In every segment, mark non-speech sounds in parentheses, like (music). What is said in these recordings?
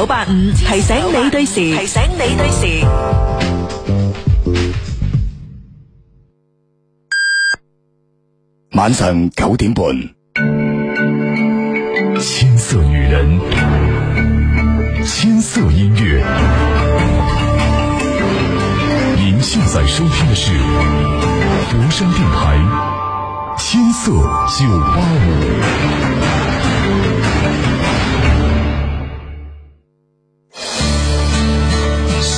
九八五提醒你對時，提醒你對時。晚上九點半，千色女人，千色音樂。您現在收聽的是佛山電台，千色九八五。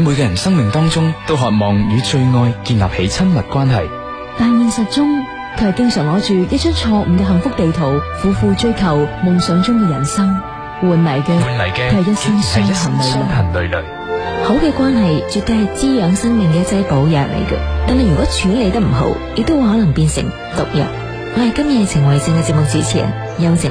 每個人生命當中都渴望與最愛建立起親密關係，但現實中佢係經常攞住一張錯誤嘅幸福地圖，苦苦追求夢想中嘅人生，換嚟嘅換嚟嘅係一身傷痕累累。雙雙雙雙好嘅關係絕對係滋養生命嘅一劑補藥嚟嘅，但係如果處理得唔好，亦都會可能變成毒藥。我係今夜情為證嘅節目主持人，邱靜。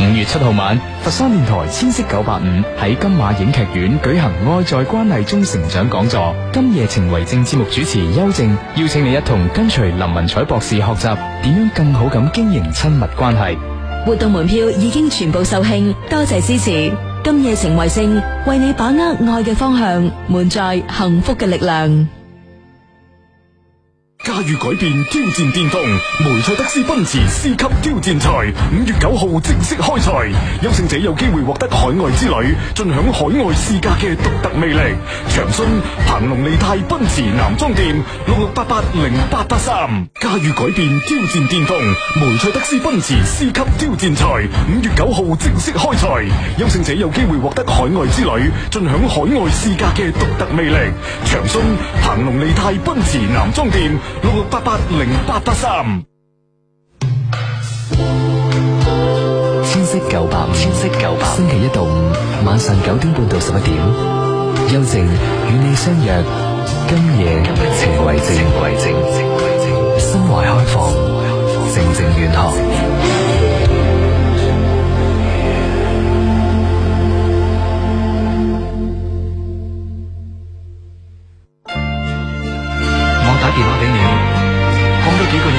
五月七號晚，佛山電台千色九八五喺金馬影劇院舉行《愛在關係中成長》講座。今夜情為證節目主持邱靜邀請你一同跟隨林文采博士學習點樣更好咁經營親密關係。活動門票已經全部售罄，多謝支持。今夜情為證，為你把握愛嘅方向，滿載幸福嘅力量。駕馭改變，挑戰巔峰，梅賽德斯奔馳 C 級挑戰賽五月九號正式開賽，優勝者有機會獲得海外之旅，盡享海外試駕嘅獨特魅力。長信鵬龍利泰奔馳南莊店六六八八零八八三。駕馭改變，挑戰巔峰，梅賽德斯奔馳 C 級挑戰賽五月九號正式開賽，優勝者有機會獲得海外之旅，盡享海外試駕嘅獨特魅力。長信鵬龍利泰奔馳南莊店。六六八八零八八三，千色九百，千色九百，星期一到五晚上九點半到十一點，邱靜與你相約，今夜情為證，情為證，情為證，心懷開放，開放靜靜遠航。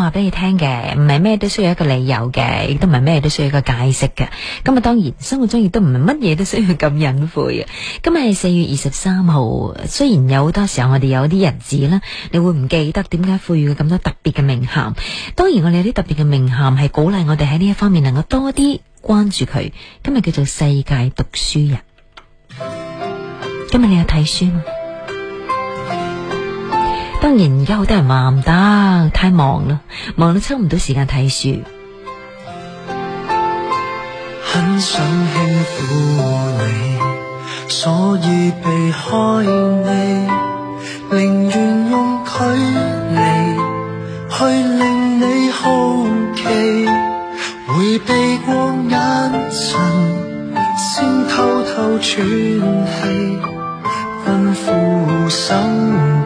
話俾你聽嘅，唔係咩都需要一個理由嘅，亦都唔係咩都需要一個解釋嘅。咁啊，當然生活中亦都唔係乜嘢都需要咁隱晦啊。今日係四月二十三號，雖然有好多時候我哋有啲日子啦，你會唔記得點解賦予咁多特別嘅名銜。當然我哋有啲特別嘅名銜係鼓勵我哋喺呢一方面能夠多啲關注佢。今日叫做世界讀書日，今日你有睇書？當然，而家好多人話唔得太忙啦，忙得抽唔到時間睇書。很想輕撫你，你，你所以避避開你，寧願用距離去令你好奇，回避過眼神，先偷偷喘氣，吩咐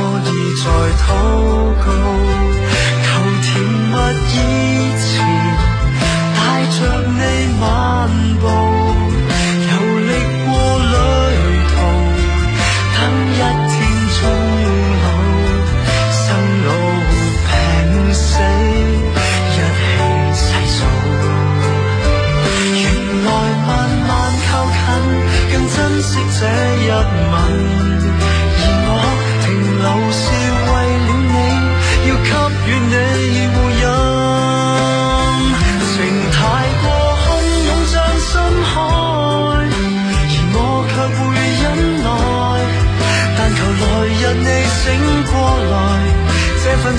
可以再禱告，求甜蜜以前帶着你漫步，遊歷過旅途，等一天終老，生老病死一起細數，原來慢慢靠近，更珍惜這一晚。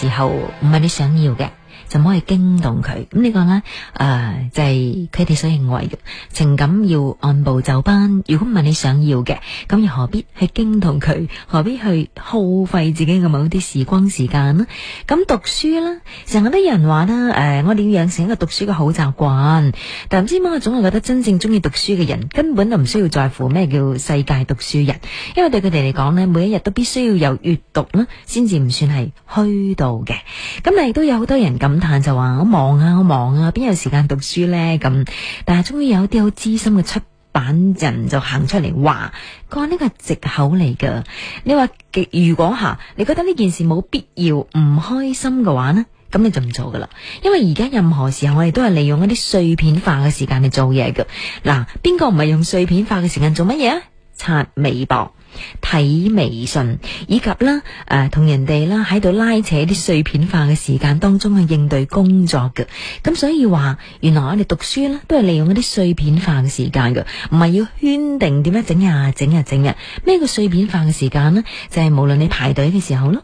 時候唔係你想要嘅。驚動佢咁呢個呢，誒、呃，就係佢哋所認為嘅情感要按部就班。如果唔係你想要嘅，咁又何必去驚動佢？何必去耗費自己嘅某啲時光時間呢？咁讀書啦，成日都有人話啦，誒、呃，我哋要養成一個讀書嘅好習慣。但唔知點解，我總係覺得真正中意讀書嘅人根本就唔需要在乎咩叫世界讀書日，因為對佢哋嚟講呢，每一日都必須要有閱讀啦，先至唔算係虛度嘅。咁你亦都有好多人感嘆。就話我忙啊，我忙啊，邊有時間讀書呢？咁但係終於有啲好資深嘅出版人就行出嚟話，佢話呢個係借口嚟噶。你話，如果吓你覺得呢件事冇必要，唔開心嘅話呢，咁你就唔做噶啦。因為而家任何時候我哋都係利用一啲碎片化嘅時間嚟做嘢噶。嗱，邊個唔係用碎片化嘅時間做乜嘢啊？刷微博。睇微信，以及啦，誒、呃，同人哋啦喺度拉扯，啲碎片化嘅時間當中去應對工作嘅。咁所以話，原來我哋讀書咧都係利用嗰啲碎片化嘅時間嘅，唔係要圈定點樣整啊整啊整啊咩。個碎片化嘅時間咧，就係、是、無論你排隊嘅時候咯，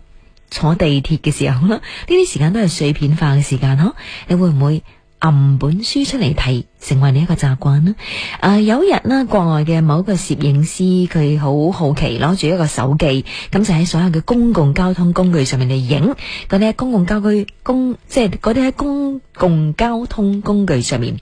坐地鐵嘅時候咯，呢啲時間都係碎片化嘅時間咯，你會唔會？暗本書出嚟睇，成為你一個習慣啦。啊，有一日呢國外嘅某個攝影師，佢好好奇，攞住一個手機，咁就喺所有嘅公共交通工具上面嚟影啲喺公共交通公，即係嗰啲喺公共交通工具上面。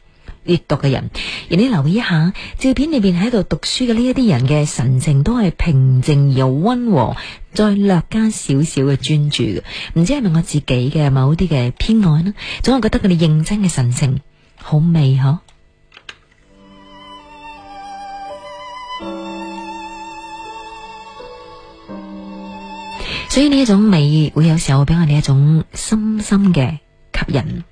閱讀嘅人，而你留意一下照片裏邊喺度讀書嘅呢一啲人嘅神情，都係平靜又溫和，再略加少少嘅專注嘅。唔知係咪我自己嘅某啲嘅偏愛呢？總係覺得佢哋認真嘅神情好美嗬。所以呢一種美，會有時候俾我哋一種深深嘅吸引。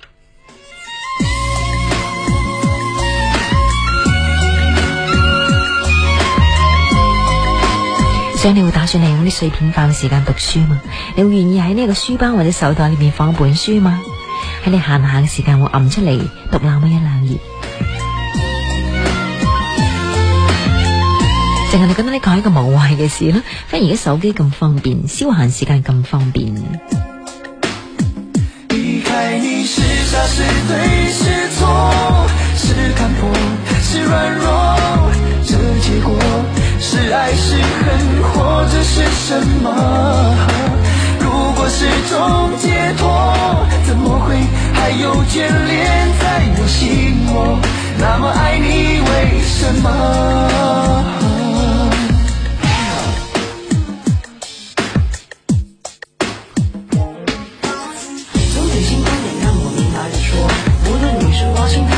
你想你會打算利用啲碎片化嘅時間讀書嘛？你會願意喺呢個書包或者手袋裏面放一本書嗎？喺你閒閒嘅時間會揞出嚟讀那麼一兩頁？淨係、嗯、你覺得你講一個無謂嘅事咯。反正而家手機咁方便，消閒時間咁方便。是愛是恨，或者是什麼？如果是種解脫，怎麼會還有眷戀在我心窩？那麼愛你，為什麼？總有些觀點讓我明白的說，無論你是花心。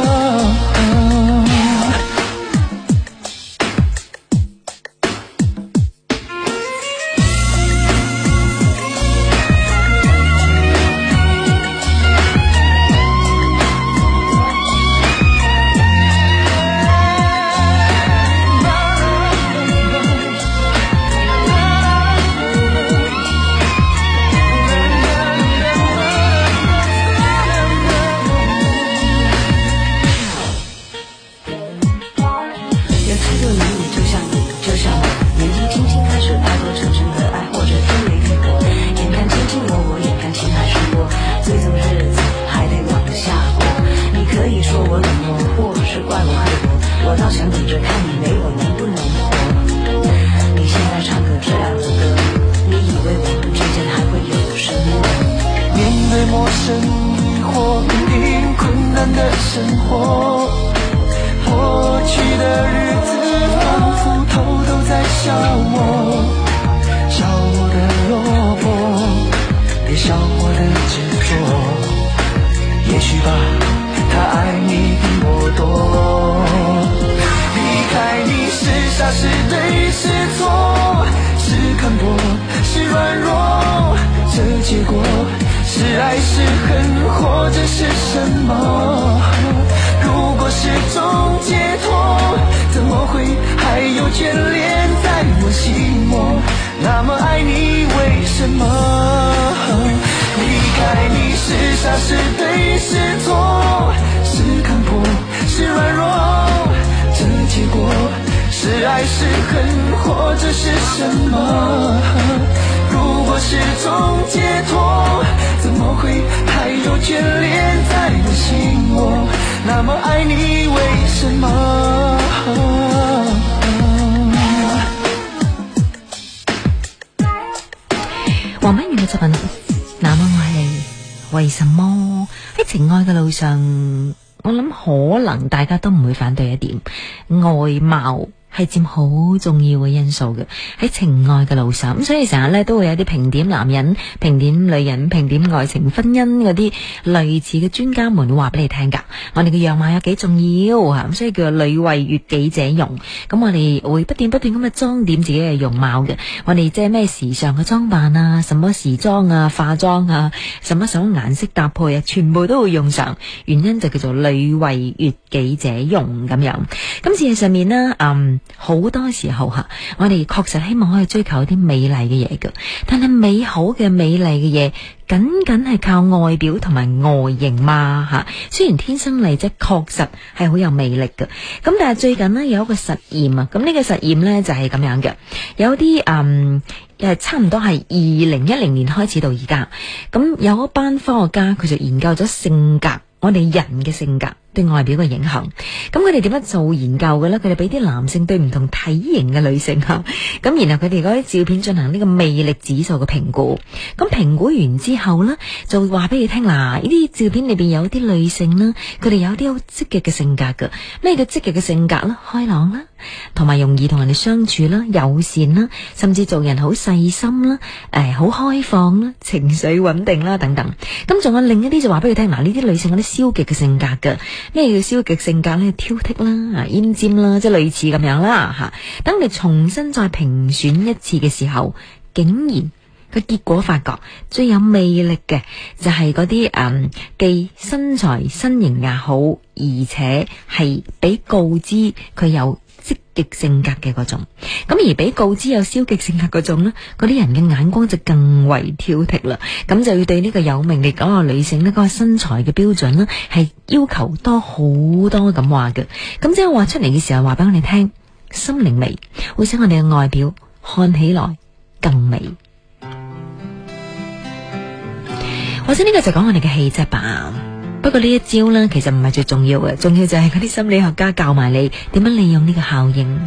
佔好重要嘅因素嘅喺情。嗯、所以成日咧都會有啲評點男人、評點女人、評點愛情、婚姻嗰啲類似嘅專家們會話俾你聽噶。我哋嘅樣貌有幾重要啊！咁、嗯、所以叫做女為悅己者容。咁我哋會不斷不斷咁嘅妝點自己嘅容貌嘅。我哋即係咩時尚嘅裝扮啊，什麼時裝啊、化妝啊，什麼什麼顏色搭配啊，全部都會用上。原因就叫做女為悅己者容咁樣。咁事實上面咧，嗯，好多時候吓，我哋確實希望可以追求啲，美麗嘅嘢噶，但係美好嘅、美麗嘅嘢，僅僅係靠外表同埋外形嘛吓，啊。雖然天生麗質確實係好有魅力噶，咁但係最近呢，有一個實驗啊，咁呢個實驗呢，就係咁樣嘅，有啲嗯，又係差唔多係二零一零年開始到而家，咁有一班科學家佢就研究咗性格，我哋人嘅性格，對外表嘅影響，咁佢哋點樣做研究嘅咧？佢哋俾啲男性對唔同體型嘅女性吓，咁 (laughs) 然後佢哋嗰啲照片進行呢個魅力指數嘅評估，咁評估完之後呢，就話俾你聽嗱，呢啲照片裏邊有啲女性咧，佢哋有啲好積極嘅性格嘅，咩叫積極嘅性格咧？開朗啦，同埋容易同人哋相處啦，友善啦，甚至做人好細心啦，誒、呃，好開放啦，情緒穩定啦，等等。咁仲有另一啲就話俾你聽嗱，呢啲女性有啲消極嘅性格嘅。咩叫消極性格咧？挑剔啦，啊，厭尖啦，即係類似咁樣啦吓。等你重新再評選一次嘅時候，竟然個結果發覺最有魅力嘅就係嗰啲誒、既身材身形又好，而且係俾告知佢有。積極性格嘅嗰種，咁而俾告知有消極性格嗰種咧，嗰啲人嘅眼光就更為挑剔啦。咁就要對呢個有魅力嗰個女性呢，嗰個身材嘅標準呢係要求多好多咁話嘅。咁即係話出嚟嘅時候，話俾我哋聽，心靈美會使我哋嘅外表看起來更美，或者呢個就講我哋嘅氣質吧。不過呢一招咧，其實唔係最重要嘅，重要就係嗰啲心理學家教埋你點樣利用呢個效應。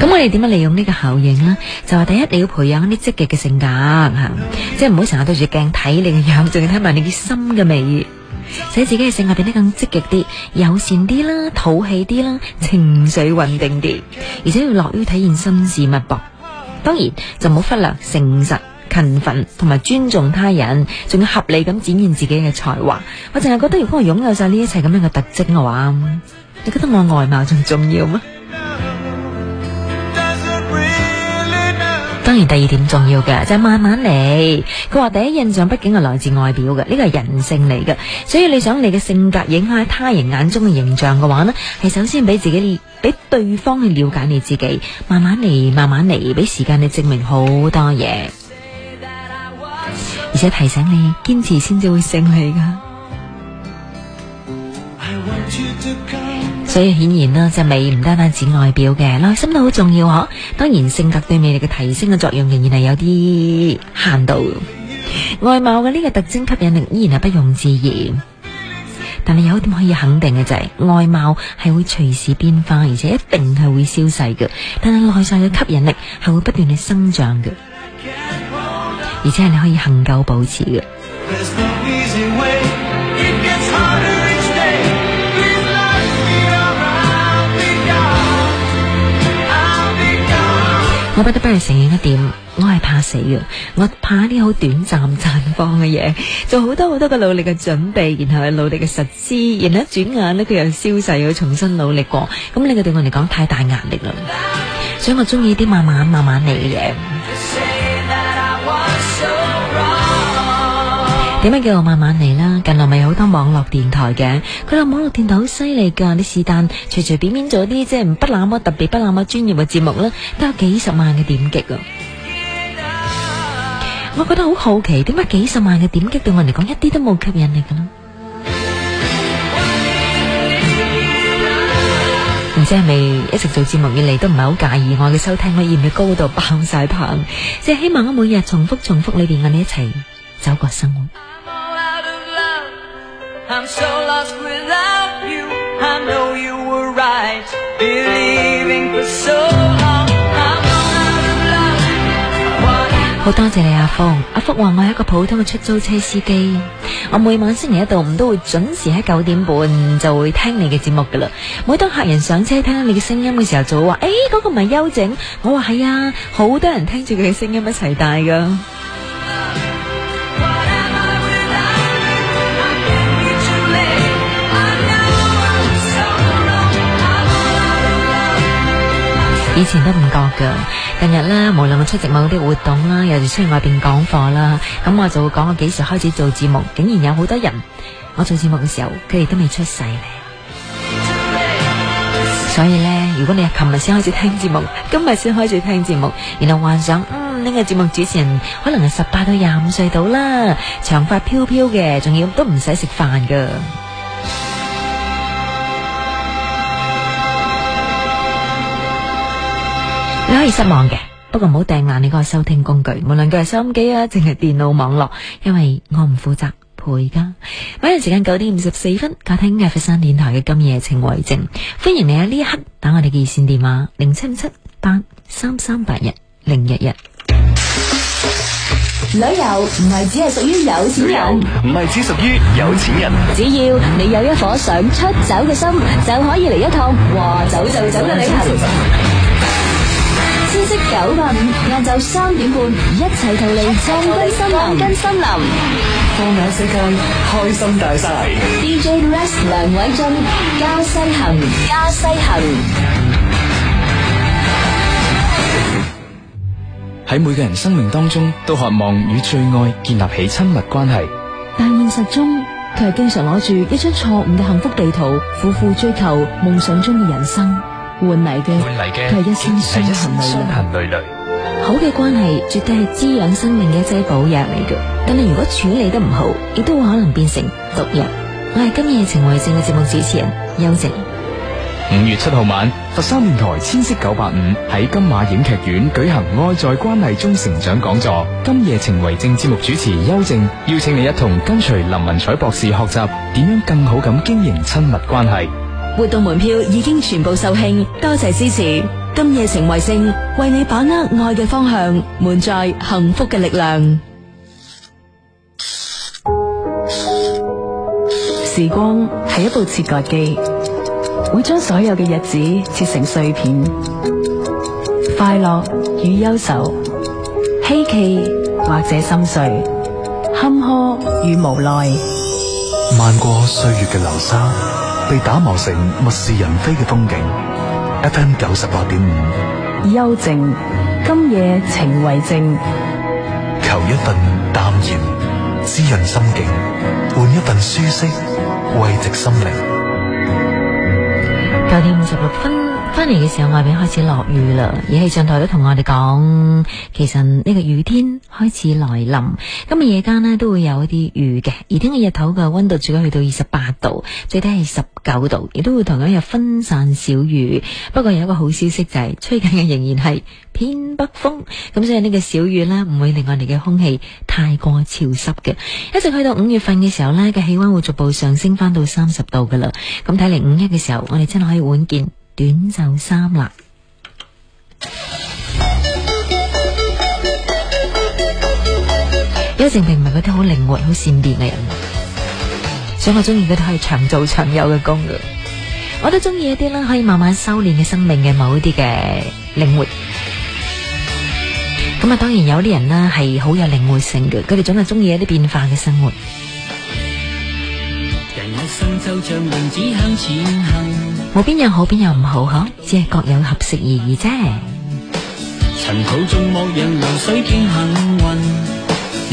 咁我哋點樣利用呢個效應呢？就話第一你要培養一啲積極嘅性格吓，No 即係唔好成日對住鏡睇你嘅樣，仲要睇埋你啲心嘅美，使自己嘅性格變得更積極啲、友善啲啦、討喜啲啦、情緒穩定啲，而且要樂於體驗新事物噃。當然就冇忽略誠實、勤奮同埋尊重他人，仲要合理咁展現自己嘅才華。我淨係覺得，如果我擁有晒呢一切咁樣嘅特徵嘅話，你覺得我外貌仲重要嗎？ (music) 當然，第二點重要嘅就係慢慢嚟。佢話第一印象畢竟係來自外表嘅，呢個係人性嚟嘅。所以你想你嘅性格影響喺他人眼中嘅形象嘅話呢係首先俾自己。俾對方去了解你自己，慢慢嚟，慢慢嚟，俾時間你證明好多嘢，而且提醒你堅持先至會勝利噶。所以顯然啦，只美唔單單指外表嘅，內心都好重要呵。當然，性格對魅力嘅提升嘅作用仍然係有啲限度。外貌嘅呢個特徵吸引力依然係不容置疑。但係有一點可以肯定嘅就係、是、外貌係會隨時變化，而且一定係會消逝嘅。但係內在嘅吸引力係會不斷嘅生長嘅，而且係你可以恆久保持嘅。No、way, day, gone, gone, 我不得不係承認一點。我係怕死嘅，我怕啲好短暫綻放嘅嘢，做好多好多嘅努力嘅準備，然後去努力嘅實施，然後一轉眼咧佢又消逝，又要重新努力過，咁呢個對我嚟講太大壓力啦。所以我中意啲慢慢慢慢嚟嘅嘢。點解、so、叫我慢慢嚟啦？近來咪好多網絡電台嘅，佢話網絡電台好犀利噶，你是但隨隨便便做啲即係唔不那麼特別不那麼專業嘅節目啦，都有幾十萬嘅點擊啊。我覺得好好奇，點解幾十萬嘅點擊對我嚟講一啲都冇吸引力嘅咧？唔知係咪一直做節目以嚟都唔係好介意我嘅收聽，可以唔嘅高度爆晒棚，即係希望我每日重複重複裏邊我哋一齊走過生活。好多謝你阿峰，阿福話我係一個普通嘅出租車司機，我每晚星期一到五都會準時喺九點半就會聽你嘅節目噶啦。每當客人上車聽到你嘅聲音嘅時候，就會話：誒，嗰個唔係邱靜。我話係啊，好多人聽住佢嘅聲音一齊大噶。以前都唔覺噶。近日啦，無論我出席某啲活動啦，又出去外邊講課啦，咁我就會講我幾時開始做節目，竟然有好多人，我做節目嘅時候，佢哋都未出世咧。所以呢，如果你係琴日先開始聽節目，今日先開始聽節目，然後幻想，嗯，呢個節目主持人可能係十八到廿五歲到啦，長髮飄飄嘅，仲要都唔使食飯噶。都可以失望嘅，不過唔好掟爛你嗰個收聽工具，無論佢係收音機啊，淨係電腦網絡，因為我唔負責賠噶。某陣時間九點五十四分，接聽 F 三電台嘅今夜情為證，歡迎你喺呢一刻打我哋嘅熱線電話零七五七八三三八一零一一。旅遊唔係只係屬於有錢人，唔係只屬於有錢人，只要你有一顆想出走嘅心，就可以嚟一趟話走就走嘅旅行。天色九暗，晏晝三點半，一齊逃離鋼筋森林。鋼筋森林，放眼世界，開心大晒。DJ Rest 梁偉俊，加西行，加西行。喺每個人生命當中，都渴望與最愛建立起親密關係。但現實中，佢係經常攞住一張錯誤嘅幸福地圖，苦苦追求夢想中嘅人生。換嚟嘅，都係一生傷痕累累。雷雷好嘅關係，絕對係滋養生命嘅一劑補藥嚟嘅。但係如果處理得唔好，亦都會可能變成毒藥。我係今夜情為證嘅節目主持人邱靜。五月七號晚，佛山電台千色九八五喺金馬影劇院舉行《愛在關係中成長》講座。今夜情為證節目主持邱靜邀請你一同跟隨林文采博士學習點樣更好咁經營親密關係。活動門票已經全部售罄，多謝支持。今夜情為證，為你把握愛的方向，滿載幸福的力量。時光是一部切割機，會將所有的日子切成碎片，快樂與憂愁、希冀，或者心碎、坎坷與無奈，漫過歲月的流沙，被打磨成物是人非嘅風景。FM 九十八點五，邱靜，今夜情為證，求一份淡然滋潤心境，換一份舒適慰藉心靈。九點五十六分。翻嚟嘅時候，外面開始落雨啦。而氣象台都同我哋講，其實呢個雨天開始來臨，今日夜間呢都會有一啲雨嘅。而聽日日頭嘅溫度最高去到二十八度，最低係十九度，亦都會同樣有分散小雨。不過有一個好消息就係，是，最近嘅仍然係偏北風，咁所以呢個小雨呢唔會令我哋嘅空氣太過潮濕嘅。一直去到五月份嘅時候呢，嘅氣溫會逐步上升翻到三十度噶啦。咁睇嚟五一嘅時候，我哋真係可以換件。短袖衫啦，邱靜平唔係嗰啲好靈活、好善變嘅人，所以我中意嗰啲可以長做長有嘅工噶。我都中意一啲啦，可以慢慢修煉嘅生命嘅某啲嘅靈活。咁啊，當然有啲人啦，係好有靈活性嘅，佢哋總係中意一啲變化嘅生活。人一生就像浪子向前行。冇邊樣好，邊樣唔好，嗬，只係各有合適而，而已啫。塵土中無無流水幸運，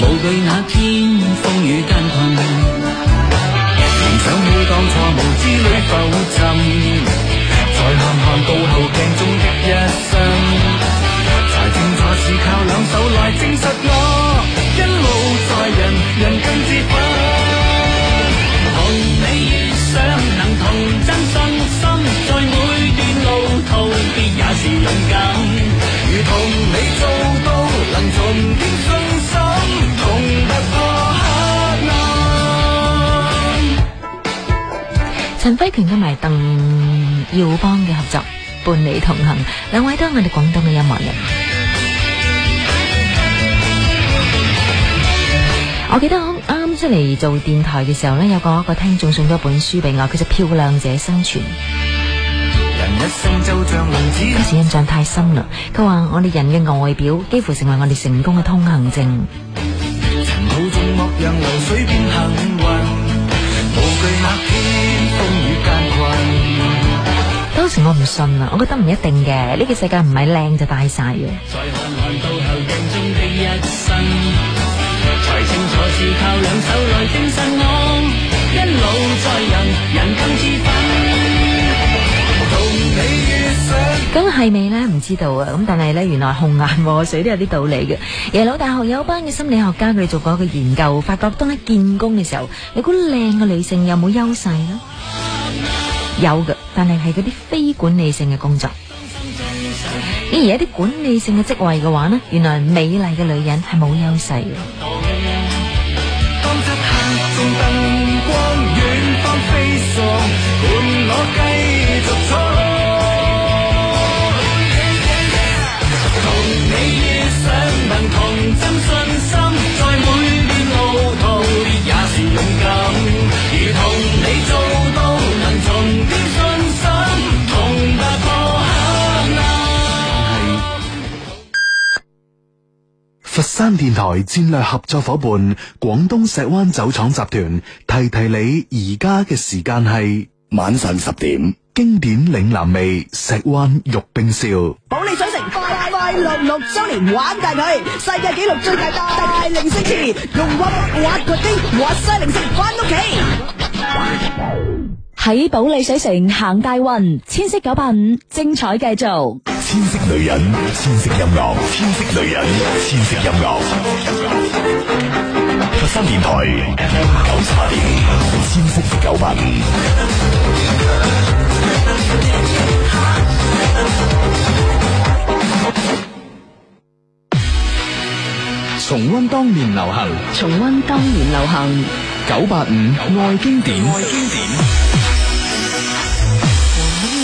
無懼那天風雨，想當，初當初無知會浮鄧耀邦嘅合作，伴你同行。兩位都係我哋廣東嘅音樂人。我記得我啱出嚟做電台嘅時候呢，有個一個聽眾送咗本書俾我，叫做《漂亮者生存》。當時印象太深啦，佢話我哋人嘅外表幾乎成為我哋成功嘅通行證。我唔信啊！我覺得唔一定嘅，呢個世界唔係靚就大晒嘅。咁係咪咧？唔知道啊！咁但係咧，原來紅顏禍水都有啲道理嘅。耶魯大學有一班嘅心理學家，佢哋做過一個研究，發覺當喺見工嘅時候，你估靚嘅女性有冇優勢咧？有㗎。但係係嗰啲非管理性嘅工作，而而一啲管理性嘅職位嘅話呢，原來美麗嘅女人係冇優勢嘅。佛山電台戰略合作伙伴廣東石灣酒廠集團提提你，而家嘅時間係晚上十點，經典嶺南味石灣玉冰燒，保利水城快快六六周年玩大佢，世界紀錄最大大零食池，用運運個丁運晒零食翻屋企。喺保利水城行大運，千色九百五，精彩繼續。千色女人，千色音樂，千色女人，千色音樂。佛山電台 FM 九十八點，千色九百五。重溫當年流行，重溫當年流行，九百五愛經典，愛經典。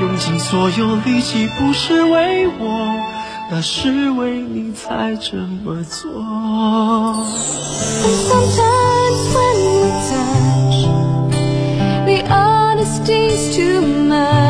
用盡所有力氣，不是為我，那是為你才這麼做。And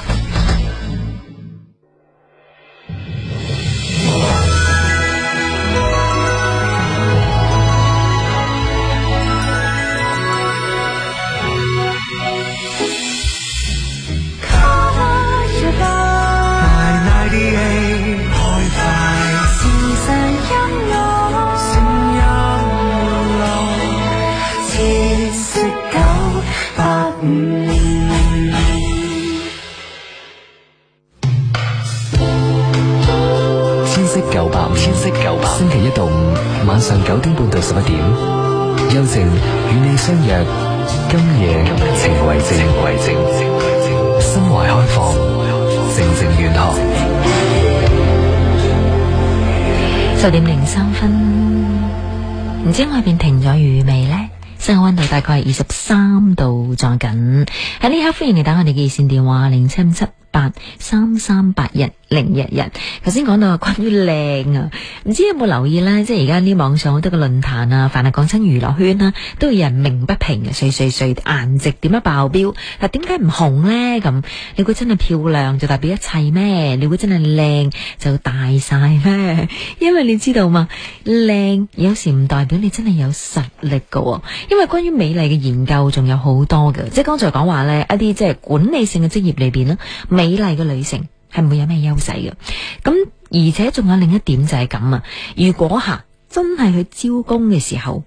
心懷開放，誠誠遠航。十點零三分，唔知外邊停咗雨未呢？室外温度大概係二十三度，仲緊，喺呢刻，歡迎你打我哋嘅熱線電話，零七五七。八三三八日零一日，頭先講到於啊，關於靚啊，唔知有冇留意呢？即係而家啲網上好多嘅論壇啊，凡係講親娛樂圈啊，都有人鳴不平嘅，碎碎碎顏值點樣爆表，但點解唔紅呢？咁你估真係漂亮就代表一切咩？你估真係靚就大晒咩？因為你知道嘛，靚有時唔代表你真係有實力噶喎，因為關於美麗嘅研究仲有好多嘅，即係剛才講話呢，一啲即係管理性嘅職業裏邊咧。美麗嘅女性係唔會有咩優勢嘅？咁而且仲有另一點就係咁啊。如果吓、啊、真係去招工嘅時候，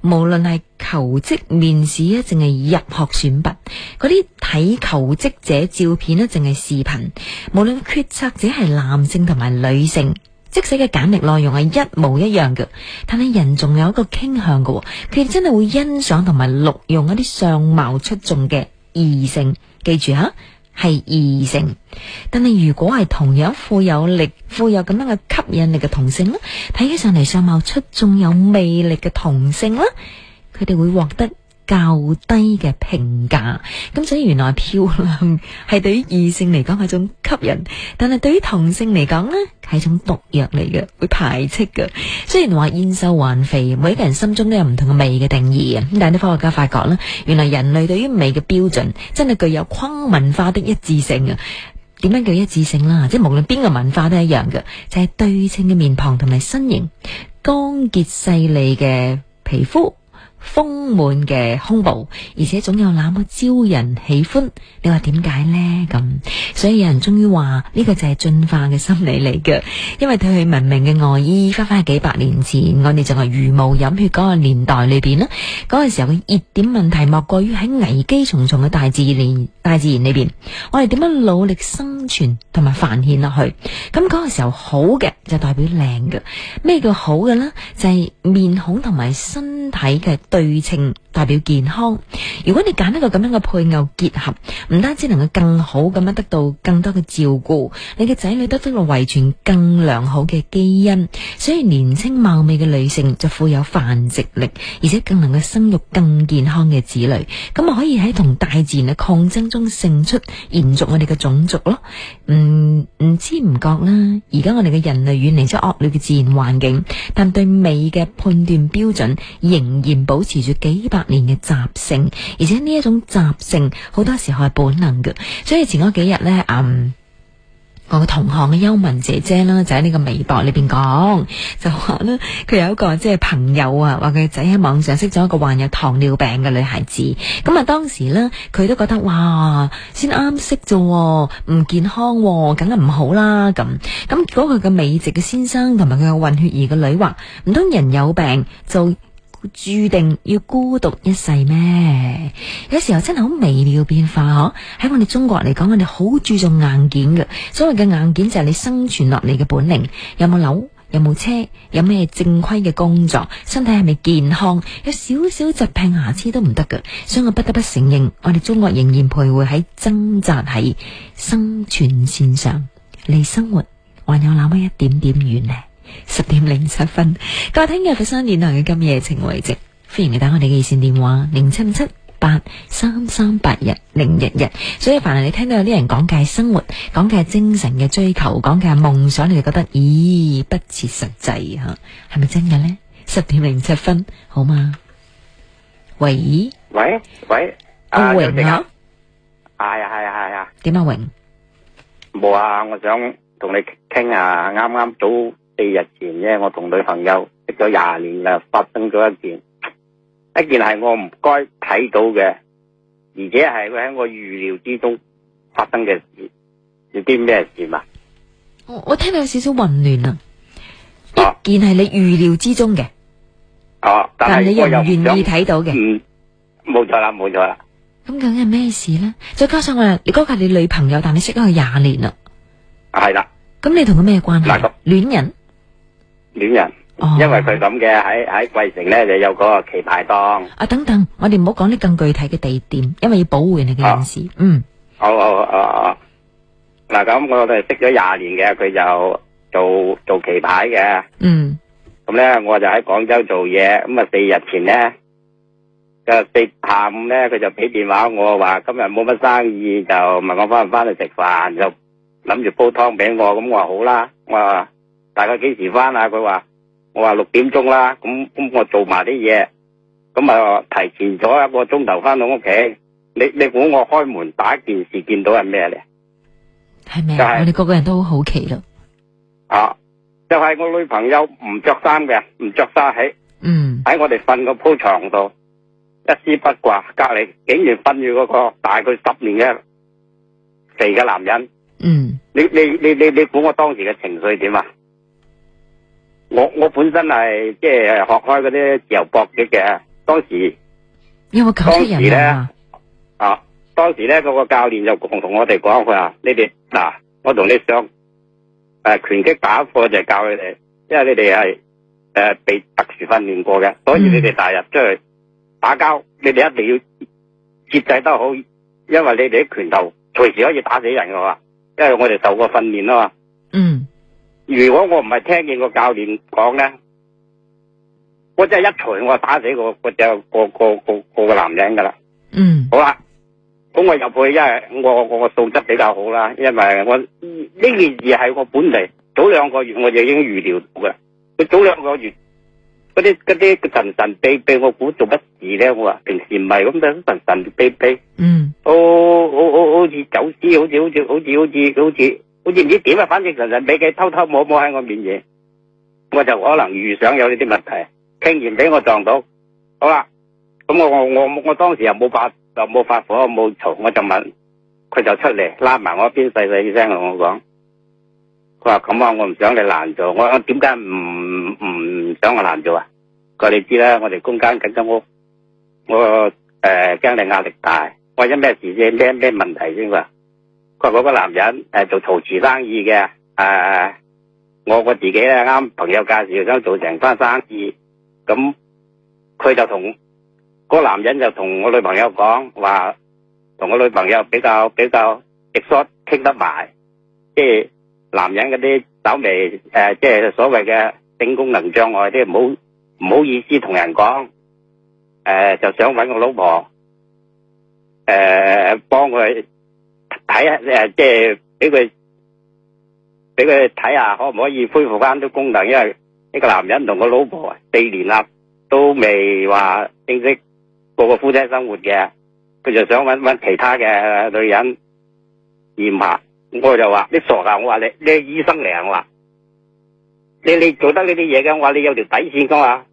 無論係求職面試咧，淨係入學選拔嗰啲睇求職者照片咧，淨係視頻，無論決策者係男性同埋女性，即使嘅簡歷內容係一模一樣嘅，但係人仲有一個傾向嘅，佢哋真係會欣賞同埋錄用一啲相貌出眾嘅異性。記住吓。係異性，但係如果係同樣富有力、富有咁樣嘅吸引力嘅同性咧，睇起上嚟相貌出眾有魅力嘅同性啦，佢哋會獲得較低嘅評價，咁所以原來漂亮係對於異性嚟講係種吸引，但係對於同性嚟講呢，係種毒藥嚟嘅，會排斥嘅。雖然話燕瘦還肥，每一個人心中都有唔同嘅美嘅定義啊。咁但係啲科學家發覺呢，原來人類對於美嘅標準真係具有跨文化的一致性啊。點樣叫一致性啦？即係無論邊個文化都一樣嘅，就係對稱嘅面龐同埋身形，光潔細膩嘅皮膚。豐滿嘅胸部，而且總有那麼招人喜歡，你話點解咧？咁所以有人終於話呢個就係進化嘅心理嚟嘅，因為褪去文明嘅外、呃、衣，翻翻係幾百年前，我哋就係茹毛飲血嗰個年代裏邊啦。嗰、那個時候嘅熱點問題，莫過於喺危機重重嘅大自然大自然裏邊，我哋點樣努力生存同埋繁衍落去？咁、那、嗰個時候好嘅就代表靚嘅，咩叫好嘅咧？就係、是、面孔同埋身體嘅。對稱。代表健康。如果你揀一個咁樣嘅配偶結合，唔單止能夠更好咁樣得到更多嘅照顧，你嘅仔女得到個遺傳更良好嘅基因。所以年輕貌美嘅女性就富有繁殖力，而且更能夠生育更健康嘅子女。咁啊可以喺同大自然嘅抗爭中勝出，延續我哋嘅種族咯。唔、嗯、唔知唔覺啦，而家我哋嘅人類遠離咗惡劣嘅自然環境，但對美嘅判斷標準仍然保持住幾百年嘅習性，而且呢一種習性好多時候係本能嘅，所以前嗰幾日呢，嗯，我個同行嘅優文姐姐呢，就喺呢個微博裏邊講，就話呢，佢有一個即係朋友啊，話佢仔喺網上識咗一個患有糖尿病嘅女孩子，咁啊當時呢，佢都覺得哇，先啱識啫，唔健康啊，梗係唔好啦，咁咁結果佢嘅美籍嘅先生同埋佢嘅混血兒嘅女話，唔通人有病就？注定要孤獨一世咩？有時候真係好微妙變化嗬。喺、啊、我哋中國嚟講，我哋好注重硬件嘅。所謂嘅硬件就係你生存落嚟嘅本領，有冇樓，有冇車，有咩正規嘅工作，身體係咪健康，有少少疾病瑕疵都唔得㗎。所以我不得不承認，我哋中國仍然徘徊喺掙扎喺生存線上離生活，還有那麼一點點遠呢。十點零七分，我聽日佛山電台嘅今夜情為證，歡迎你打我哋嘅熱線電話零七五七八三三八一零一一。所以凡係你聽到有啲人講嘅係生活，講嘅係精神嘅追求，講嘅係夢想，你哋覺得咦不切實際吓，係咪真嘅呢？十點零七分，好嘛？喂喂喂，阿榮你好？係啊係啊係啊，點啊榮？冇啊，我想同你傾啊，啱啱早。日前咧，我同女朋友識咗廿年啦，發生咗一件，一件係我唔該睇到嘅，而且係佢喺我預料之中發生嘅事，有啲咩事嘛？我我聽到有少少混亂啦。哦，一件係你預料之中嘅。哦，但係你又唔願意睇到嘅，嗯，冇錯啦，冇錯啦。咁究竟係咩事啦？再加上我，你嗰個係你女朋友，但你識咗佢廿年啦。係啦。咁你同佢咩關係？戀人。戀人，因為佢咁嘅喺喺桂城咧就有嗰個棋牌檔。啊等等，我哋唔好講啲更具體嘅地點，因為要保護人哋嘅隱私。嗯，好好好啊，嗱咁我哋識咗廿年嘅，佢就做做棋牌嘅。嗯，咁咧我就喺廣州做嘢，咁啊四日前咧嘅四下午咧，佢就俾電話我話今日冇乜生意，就問我翻唔翻嚟食飯，就諗住煲湯俾我，咁我話好啦，我話。大概幾時翻啊？佢話，我話六點鐘啦，咁咁我做埋啲嘢，咁啊提前咗一個鐘頭翻到屋企。你你估我開門第一件事見到係咩咧？係咪？我哋個個人都好好奇咯。啊！就係我女朋友唔着衫嘅，唔着衫喺，喺我哋瞓個鋪床度，一絲不掛。隔籬竟然瞓住嗰個大佢十年嘅肥嘅男人。嗯，你你你你你估我當時嘅情緒點啊？我我本身係即係學開嗰啲自由搏擊嘅，當時當時咧，啊，當時咧個個教練就同同我哋講佢話：，你哋嗱，我同你上誒拳擊打課就係教你哋，因為你哋係誒被特殊訓練過嘅，所以你哋第日出去打交，你哋一定要節制得好，因為你哋啲拳頭隨時可以打死人嘅，因為我哋受過訓練啊嘛。如果我唔係聽見個教練講咧，我真係一錘我打死個個隻個個個個男人噶啦。嗯，好啦，咁我入去，因為我我個素質比較好啦，因為我呢件事係我本嚟早兩個月我就已經預料到噶。佢早兩個月嗰啲啲神神秘秘，我估做乜事咧？我話平時唔係咁樣神神秘秘。嗯。Oh, oh, oh, oh, oh, 好，好，好，好似走私，好似，好似，好似，好似，好似。我知唔知點啊？反正神神俾佢偷偷摸摸喺我面前，我就可能遇上有呢啲問題。竟然俾我撞到。好啦，咁我我我我當時又冇發又冇發火，冇嘈，我就問佢就出嚟，拉埋我一邊細細聲同我講，佢話咁啊，我唔想你難做，我點解唔唔想我難做啊？佢話你知啦，我哋工間緊張屋，我誒驚你壓力大，我因咩事啫咩咩問題先話。個嗰個男人誒做陶瓷生意嘅，誒我我自己咧啱朋友介紹想做成番生意，咁佢就同嗰個男人就同我女朋友講話，同我女朋友比較比較直率傾得埋，即係男人嗰啲稍微誒即係所謂嘅性功能障礙，即係唔好唔好意思同人講，誒就想搵個老婆，誒幫佢。睇下！誒、呃，即係俾佢俾佢睇下，可唔可以恢復翻啲功能？因為呢個男人同個老婆啊，四年啦都未話正式過個夫妻生活嘅，佢就想搵搵其他嘅女人驗下，我就話你傻噶，我話你你係醫生嚟啊，我話，你你做得呢啲嘢嘅我話，你有條底線噶嘛？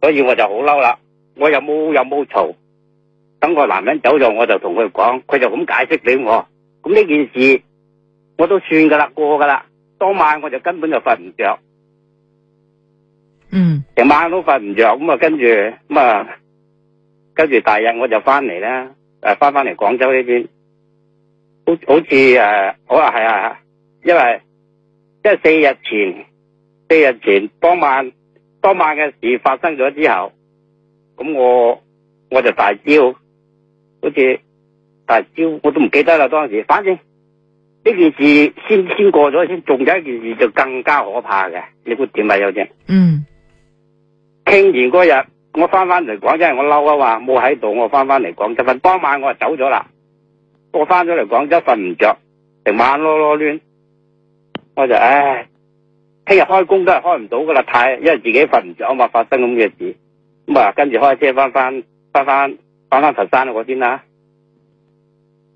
所以我就好嬲啦，我又冇有冇嘈。有等個男人走咗，我就同佢講，佢就咁解釋俾我。咁呢件事我都算噶啦，過噶啦。當晚我就根本就瞓唔着、嗯、着，嗯，成晚都瞓唔着。咁、嗯、啊，跟住咁啊，跟住第二日我就翻嚟啦，誒、啊，翻翻嚟廣州呢邊，好好似誒、啊，好啊，係啊，因為即係、就是、四日前，四日前當晚當晚嘅事發生咗之後，咁我我就大招。好似大招，我都唔記得啦。當時，反正呢 (noise) 件事先先過咗，先仲有一件事就更加可怕嘅。你估點啊？有仔，嗯，傾完嗰日，我翻翻嚟講，因為我嬲啊嘛，冇喺度，我翻翻嚟廣州，係當晚我啊走咗啦。我翻咗嚟廣州，瞓唔着，成晚囉囉亂，我就唉，聽日開工都係開唔到噶啦，太因為自己瞓唔着，我話發生咁嘅事，咁、嗯、啊，跟住開車翻翻翻翻。翻翻佛山啦，我先啦，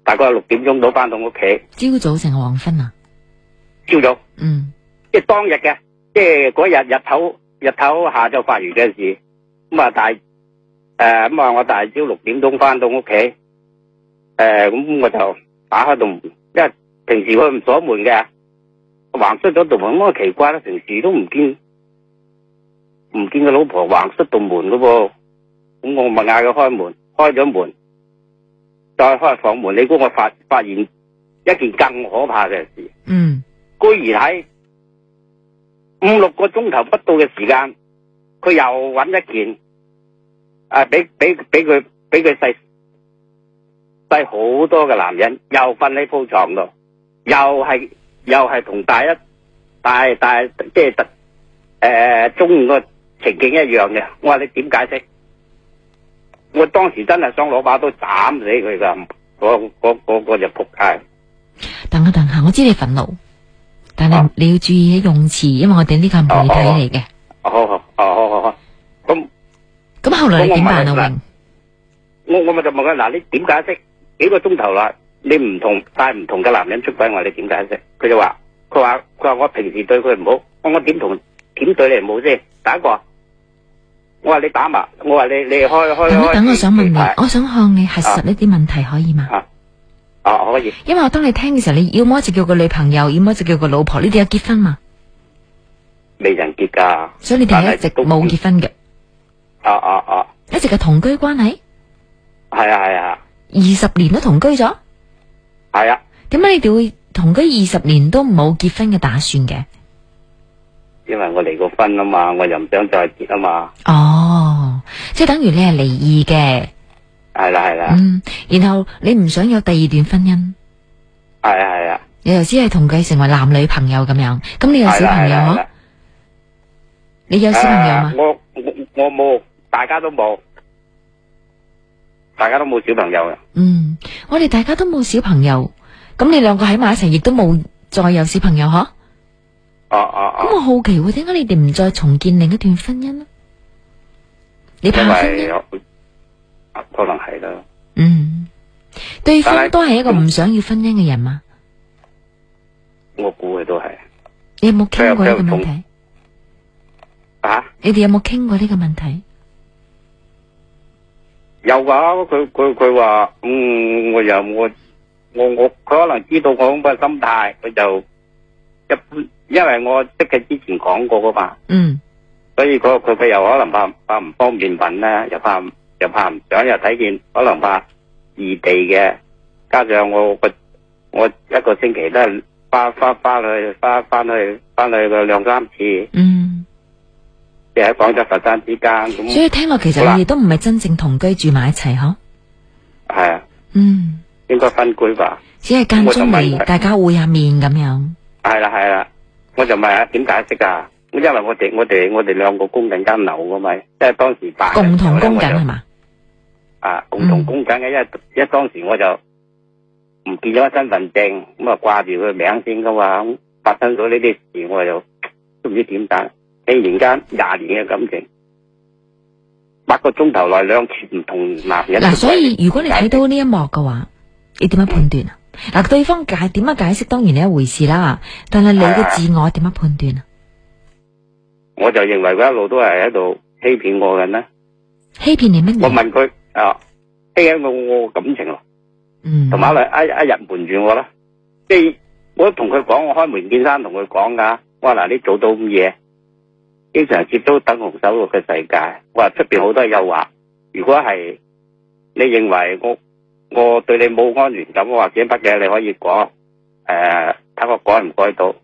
大概六點鐘到翻到屋企。朝早定係黃昏啊？朝早上。嗯，即係當日嘅，即係嗰日日頭日頭下晝發完嗰陣時，咁啊大誒咁啊我大朝六點鐘翻到屋企，誒、呃、咁我就打開道門，因為平時佢唔鎖門嘅，橫失咗道門，我奇怪啦，平時都唔見唔見個老婆橫失道門噶噃，咁我問下佢開門。開咗門，再開房門，你估我發發現一件更可怕嘅事？嗯，居然喺五六個鐘頭不到嘅時間，佢又揾一件，啊，俾俾俾佢俾佢細細好多嘅男人，又瞓喺鋪床度，又係又係同大一大大即係特誒中午個情景一樣嘅。我話你點解釋？我當時真係想攞把刀斬死佢㗎，嗰嗰個就仆街。那個、等下等下，我知你憤怒，但係你要注意啲用詞，啊、因為我哋呢個媒體嚟嘅。哦哦哦，好好好。咁、啊、咁、啊啊啊啊啊啊啊、後來你點那辦啊？我我咪就問佢嗱，你點解釋？幾個鐘頭啦，你唔同帶唔同嘅男人出軌，我你點解釋？佢就話佢話佢話我平時對佢唔好，我我點同點對你唔好先？第一個。我話你打埋，我話你你開開，等我想問你，我想向你核實呢啲，啊、問題，可以嘛，啊？啊，可以。因為我當你聽嘅時候，你要麼一直叫個女朋友，要麼一直叫個老婆。你哋有結婚嘛？未人結噶，所以你哋一直冇結婚嘅。啊啊啊！啊一直嘅同居關係。係啊係啊。二十、啊、年都同居咗。係啊。點解你哋會同居二十年都冇結婚嘅打算嘅？因為我離過婚啊嘛，我又唔想再結啊嘛。哦，即係等於你係離異嘅？係啦係啦。嗯，然後你唔想有第二段婚姻，係啊係啊，你又只係同佢成為男女朋友咁樣。咁你有小朋友嗬？的你有小朋友啊？我我冇，大家都冇，大家都冇小朋友嘅。嗯，我哋大家都冇小朋友，咁你兩個喺埋一齊，亦都冇再有小朋友嗬？咁我、啊啊、好奇會點解你哋唔再重建另一段婚姻咧？你怕婚姻？可能係啦。嗯，是對方都係一個唔想要婚姻嘅人嘛？我估嘅都係。你有冇傾過呢個問題？吓、啊？你哋有冇傾過呢個問題？有噶，佢佢佢話，嗯，我又我我我，佢可能知道我咁嘅心態，佢就。一般， (music) 因為我即係之前講過噶嘛，嗯、所以、嗰個佢佢又可能怕怕唔方便揾啦，又怕又怕唔想又睇見，可能怕異地嘅，加上我我一個星期都係翻翻翻去翻翻去翻去個兩三次，嗯，即喺廣州佛山之間咁。所以聽落其實我哋啦都唔係真正同居住埋一齊嗬。係啊。嗯。應該分居吧。只係間中嚟大家會下面咁樣。係啦係啦，我就問下點解釋啊？因為我哋我哋我哋兩個供緊間樓噶嘛，即係當時白嘅，共同供緊係嘛？就嗎啊，共同供緊嘅，嗯，因為一當時我就唔見咗身份證，咁啊掛住佢名先噶嘛。發生咗呢啲事，我就都唔知點打。竟然間廿年嘅感情，八個鐘頭內兩次唔同男人。嗱，所以如果你睇到呢一幕嘅話，釋你點樣判斷啊？嗯嗱、啊，對方解點樣解釋當然係一回事啦，但係你嘅自我點樣判斷、啊？我就認為佢一路都係喺度欺騙我嘅啦。欺騙你乜嘢、啊嗯？我問佢啊，欺騙我我感情咯，嗯，同埋一一日瞞住我啦，即係我同佢講，我開門見山同佢講噶，我話嗱，你做到咁嘢，經常接觸燈紅酒綠嘅世界，話出邊好多誘惑，如果係你認為我。我對你冇安全感，或者乜嘢你可以講，誒，睇我改唔改到，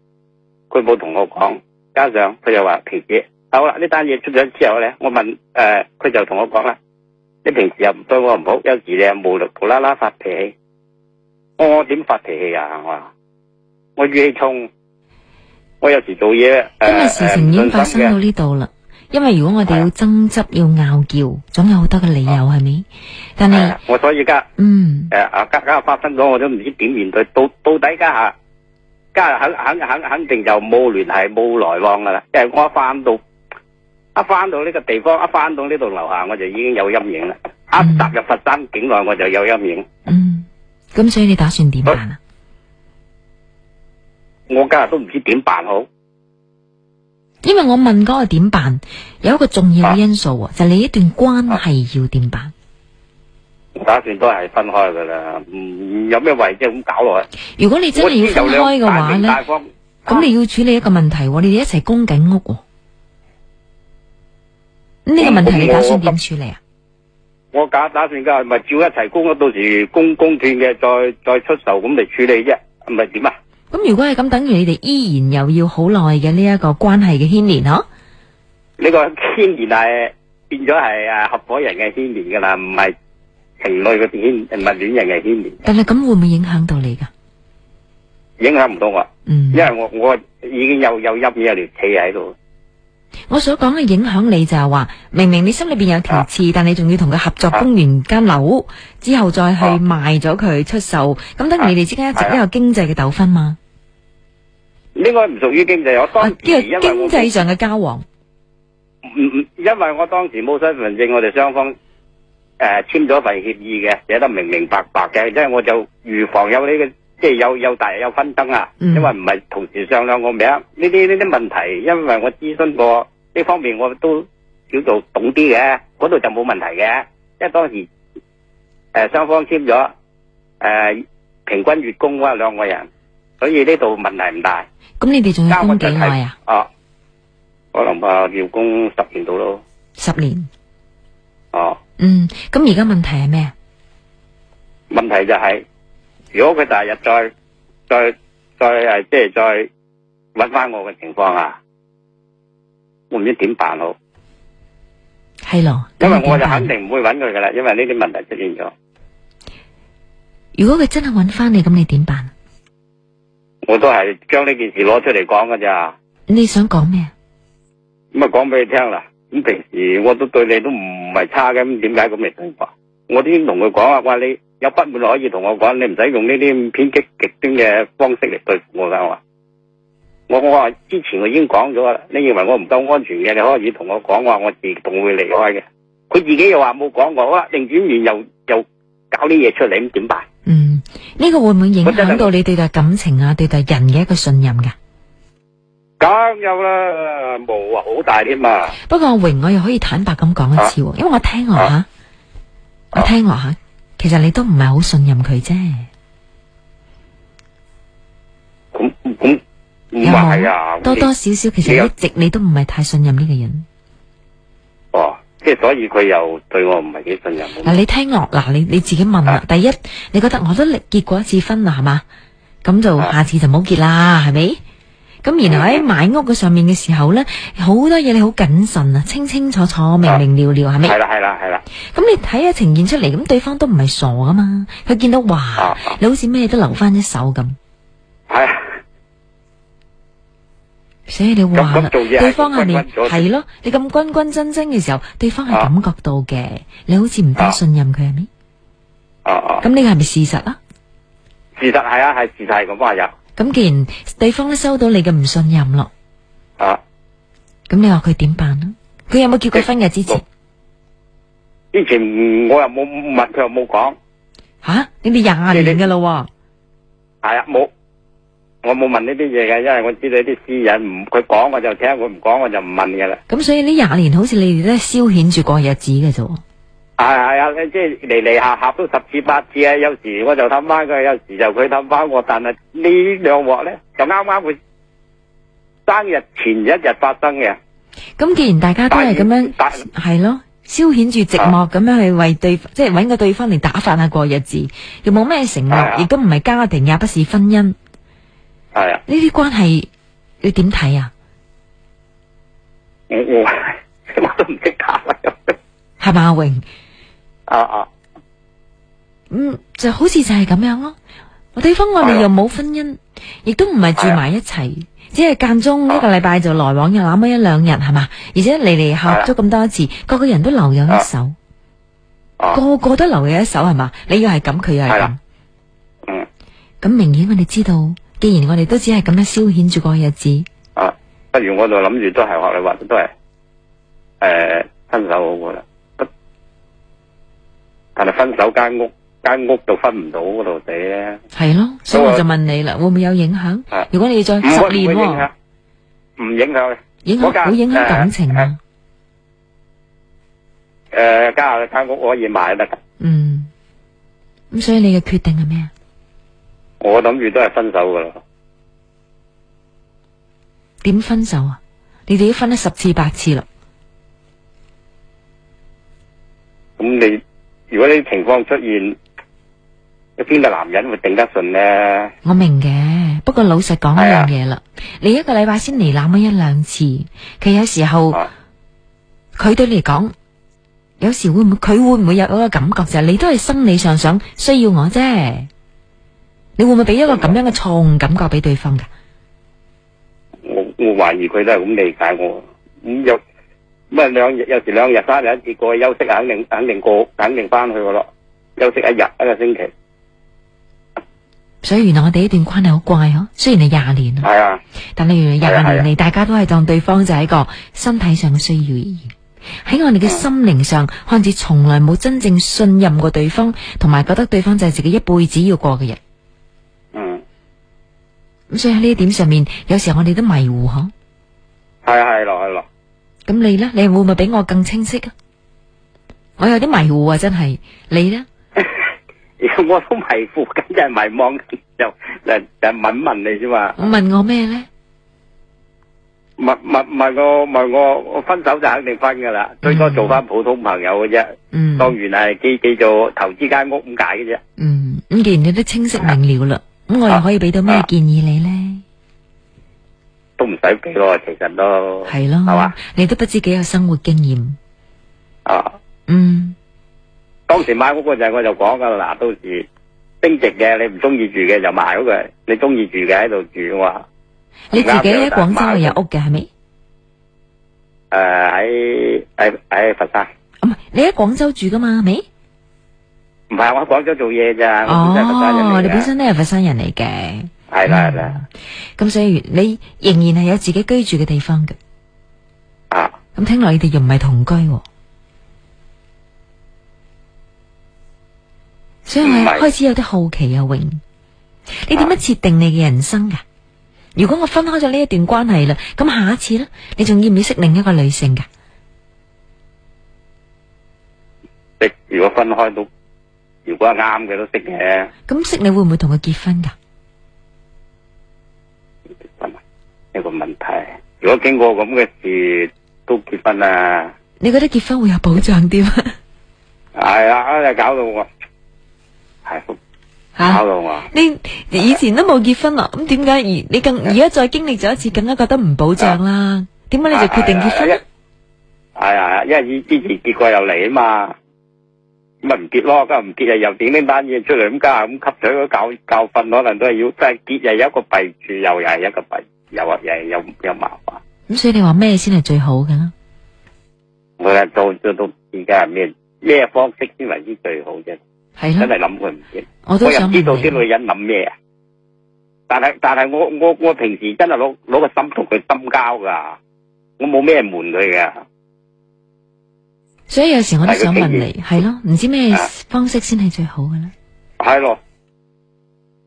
佢冇同我講，加上佢又話脾氣。好啦，呢單嘢出咗之後咧，我問誒，佢就同我講啦，你平時又唔對我唔好，有時你又無啦無啦啦發脾氣，我點發脾氣啊？我話我語氣衝，我有時做嘢誒唔順得嘅。今日事情已經發生到呢度啦。因為如果我哋要爭執的、要拗叫，總有好多嘅理由係咪？但係我所以而家嗯誒，啊，家家發生咗，我都唔知點面對到到底家下家下肯肯肯肯定就冇聯繫、冇來往噶啦。因為我一翻到一翻到呢個地方，一翻到呢度樓下，我就已經有陰影啦。一踏、嗯、入佛山境內，我就有陰影。嗯，咁所以你打算點辦啊？我家下都唔知點辦好。因為我問嗰個點辦，有一個重要嘅因素，啊、就係你一段關係要點辦。打算都係分開噶啦，唔、嗯、有咩位即係咁搞落去？如果你真係要分開嘅話咧，咁你要處理一個問題，啊、你哋一齊供緊屋，呢、啊、個問題你打算點處理啊？我假打算嘅咪照一齊供，到時供供斷嘅再再出售咁嚟處理啫，唔係點啊？咁如果係咁，等於你哋依然又要好耐嘅呢一個關係嘅牽連咯？呢個牽連係變咗係誒合夥人嘅牽連噶啦，唔係情侶嘅牽，唔係戀人嘅牽連。但係咁會唔會影響到你噶？影響唔到我，嗯，因為我我已經有有入邊有條刺喺度。我所講嘅影響你就係話，明明你心裏邊有條刺，但你仲要同佢合作供完間樓之後再去賣咗佢出售，咁等於你哋之間一直都有經濟嘅糾紛嘛？應該唔屬於經濟，我當時因為經濟上嘅交往，唔唔，因為我當時冇身份證，我哋雙方誒簽咗份協議嘅，寫得明明白白嘅，即係我就預防有呢個即係有有大有紛爭啊，因為唔係同時上兩個名，呢啲呢啲問題，因為我諮詢過呢方面，我都叫做懂啲嘅，嗰度就冇問題嘅，因為當時誒雙方簽咗誒平均月供啊兩個人，所以呢度問題唔大。咁你哋仲要供幾耐啊？可能怕要供十年到咯。十年。哦。嗯，咁而家問題係咩啊？問題就係，如果佢第日再、再、再誒，即係再搵翻我嘅情況啊，我唔知點辦咯。係咯。因為我就肯定唔會搵佢噶啦，因為呢啲問題出現咗。如果佢真係搵翻你，咁你點辦？我都係將呢件事攞出嚟講噶咋？你想講咩？咁啊講俾你聽啦。咁平時我都對你都唔係差嘅，咁點解咁嚟講？我都同佢講話，你有不滿可以同我講，你唔使用呢啲偏激極端嘅方式嚟對付我噶。我我話之前我已經講咗啦，你認為我唔夠安全嘅，你可以同我講話，我自動會離開嘅。佢自己又話冇講過，啊，寧主任又又搞啲嘢出嚟，咁點辦？嗯，呢、這個會唔會影響到你對對感情啊，對，對對人嘅一個信任噶梗有啦，冇啊，好大添啊！不過榮我又可以坦白咁講一次，啊、因為我聽我吓，啊、我聽我吓，其實你都唔係好信任佢啫。咁咁、啊啊、有冇多多少少，其實一直你都唔係太信任呢個人。即所以佢又對我唔係幾信任。嗱、啊，你聽落，嗱，你你自己問啦。啊、第一，你覺得我都結過一次婚啦，係嘛？咁就、啊、下次就唔好結啦，係咪？咁然後喺、啊、買屋嘅上面嘅時候呢，好多嘢你好謹慎啊，清清楚楚、明明了了，係咪、啊？係啦，係啦，係啦。咁你睇下呈現出嚟，咁對方都唔係傻噶嘛，佢見到，哇，啊、你好似咩都留翻一手咁。係、啊。所以你話啦，對方下面係咯，輪輪的你咁軍軍真真嘅時候，啊、對方係感覺到嘅，你好似唔多信任佢係咪？咁呢個係咪事實啊？事實係啊，係事實，咁話咁既然對方咧收到你嘅唔信任咯，啊，咁你話佢點辦啊？佢有冇結過婚嘅之前？之、欸、前我又冇問，佢又冇講。吓、啊，你哋廿年噶咯？係啊、欸，冇。我冇問呢啲嘢嘅，因為我知道啲私隱唔，佢講我就聽，佢唔講我就唔問嘅啦。咁、嗯、所以呢廿年好似你哋都係消遣住過日子嘅啫。係係啊，即係嚟嚟下下都十次八次啊。有時我就氹翻佢，有時就佢氹翻我，但係呢兩鑊咧就啱啱會生日前一日發生嘅。咁、嗯、既然大家都係咁樣係但咯，消遣住寂寞咁、啊、樣去為對即係搵個對方嚟打發下過日子，又冇咩承諾，亦都唔係家庭，也不是婚姻。係啊！呢啲關係你點睇啊？我我我都唔識係嘛，阿榮。啊啊！嗯， (noise) 就好似就係咁樣咯。我對方我哋又冇婚姻，哎、呀亦都唔係住埋一齊，哎、呀只係間中呢個禮拜就來往，又那麼一兩日，係嘛？而且嚟嚟合咗咁多次，個、哎、呀個人都留有一手，哎、呀個個都留有一手，係嘛？你要係咁，佢又係咁。嗯。咁明顯我哋知道。既然我哋都只係咁樣消遣住過日子，啊，不如我就諗住都係學你話，都係誒、呃、分手好過啦。但係分手間屋間屋就分唔到嗰度地咧。係咯的，所以我就問你啦，會唔會有影響？啊、如果你再會十年，唔影響，啊、影響好影響響家感情啊。誒、啊啊，家下你間屋可以買得。嗯，咁所以你嘅決定係咩啊？我諗住都係分手噶啦。點分手啊？你哋都分咗十次、八次咯。咁你如果你情況出現，有邊個男人會頂得順呢？我明嘅，不過老實講一樣嘢啦，你一個禮拜先嚟那麼一兩次，佢有時候，佢、啊、對你嚟講，有時會唔會，佢會唔會有嗰個感覺就係你都係生理上想需要我啫。你會唔會俾一個咁樣嘅錯誤感覺俾對方噶？我我懷疑佢都係咁理解我咁有咪兩日有時兩日三日，一次過去休息肯定肯定過，肯定翻去噶咯。休息一日一個星期，所以原來我哋呢段關係好怪嗬。雖然你廿年係啊，但係原來廿年嚟，啊啊、大家都係當對方就係一個身體上嘅需要而言，而喺我哋嘅心靈上，看似、啊、從來冇真正信任過對方，同埋覺得對方就係自己一輩子要過嘅人。咁所以喺呢一點上面，有時候我哋都迷糊嗬。係係，咯係咯。咁你咧，你會唔會比我更清晰啊？我有啲迷糊啊，真係。你咧？我都迷糊，咁就迷惘，又嚟就問問你啫嘛。我問我咩咧？問問問我問我，我分手就肯定分㗎啦，最多做返普通朋友嘅啫。嗯。當然係記記做投資間屋咁解嘅啫。嗯，咁既然你都清晰明了啦。咁我又可以俾到咩建議你咧？都唔使俾咯，其實都係咯，係嘛？你都不知幾有生活經驗啊！嗯，當時買屋陣我就講噶啦，嗱，到時升值嘅，你唔中意住嘅就賣嗰個，你中意住嘅喺度住噶嘛。你自己喺廣州係有屋嘅係咪？誒，喺喺喺佛山。唔係，你喺廣州住噶嘛？係咪？唔係我喺廣州做嘢咋，我本身都係佛山人嚟嘅。係啦係啦。咁所以你仍然係有自己居住嘅地方嘅。啊。咁聽落你哋又唔係同居、哦，是所以我開始有啲好奇啊，榮。你點樣設定你嘅人生噶？啊、如果我分開咗呢一段關係啦，咁下一次咧，你仲要唔要識另一個女性噶？你，如果分開都。如果係啱嘅都識嘅，咁識，你會唔會同佢結婚噶？結婚？一個問題，如果經過咁嘅事都結婚啊？你覺得結婚會有保障啲嗎？係啊，搞到我係吓，搞到我你以前都冇結婚咯，咁點解而你更而家再經歷咗一次，更加覺得唔保障啦？點解你就決定結婚？係啊，係啊，因為之前結過又嚟啊嘛。咁咪唔結咯，咁啊唔結又又點呢單嘢，出嚟，咁家下咁吸取個教教訓，可能都係要，真係結又有一個弊處，又又係一個弊，又啊又又又麻煩。咁所以你話咩先係最好嘅？我啊到到到而家係咩咩方式先為之最好啫？係咯，真係諗佢唔知，我又知道啲女人諗咩啊？但係但係我我我平時真係攞攞個心同佢深交噶，我冇咩瞞佢嘅。所以有時我都想問你，係天咯，唔知咩方式先係最好嘅咧？係、啊、咯，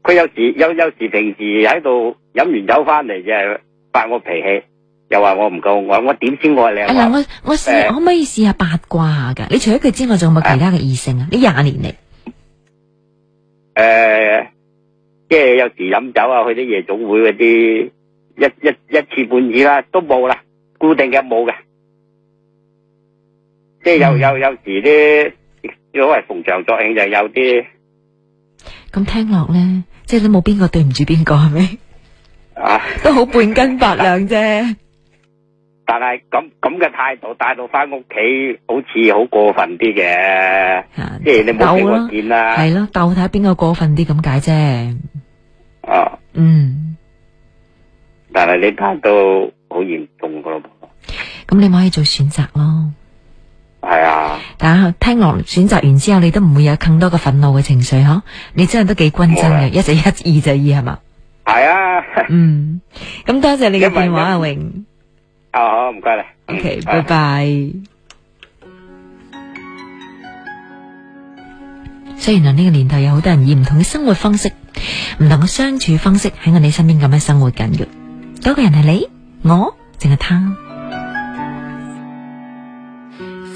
佢有時有有時平時喺度飲完酒翻嚟就係、是、發我脾氣，又話我唔夠，我我點先愛你？嗱，我我試，可唔可以試下八卦下嘅？你除咗佢之外，仲有冇其他嘅異性啊？呢廿年嚟，誒、啊，即係有時飲酒啊，去啲夜總會嗰啲，一一一,一次半次啦，都冇啦，固定嘅冇嘅。即係有有有時啲，如果係逢場作興就有啲，咁聽落咧，即係你冇邊個對唔住邊個係咪？啊，都好半斤八兩啫。但係咁咁嘅態度帶到翻屋企，好似好過分啲嘅。吓，即係你冇睇過點啦。係咯，鬥睇下邊個過分啲咁解啫。哦，嗯，但係呢排都好嚴重噶。咁你咪可以做選擇咯。係啊，但聽落選擇完之後，你都唔會有更多嘅憤怒嘅情緒嗬？你真係都幾均真嘅，一就一，二就二，係嘛？係啊。嗯，咁多謝你嘅電話，阿榮。啊好，唔該啦。OK，拜拜。雖然話呢個年代有好多人以唔同嘅生活方式、唔同嘅相處方式喺我哋身邊咁樣生活緊嘅，嗰個人係你、我，淨係他。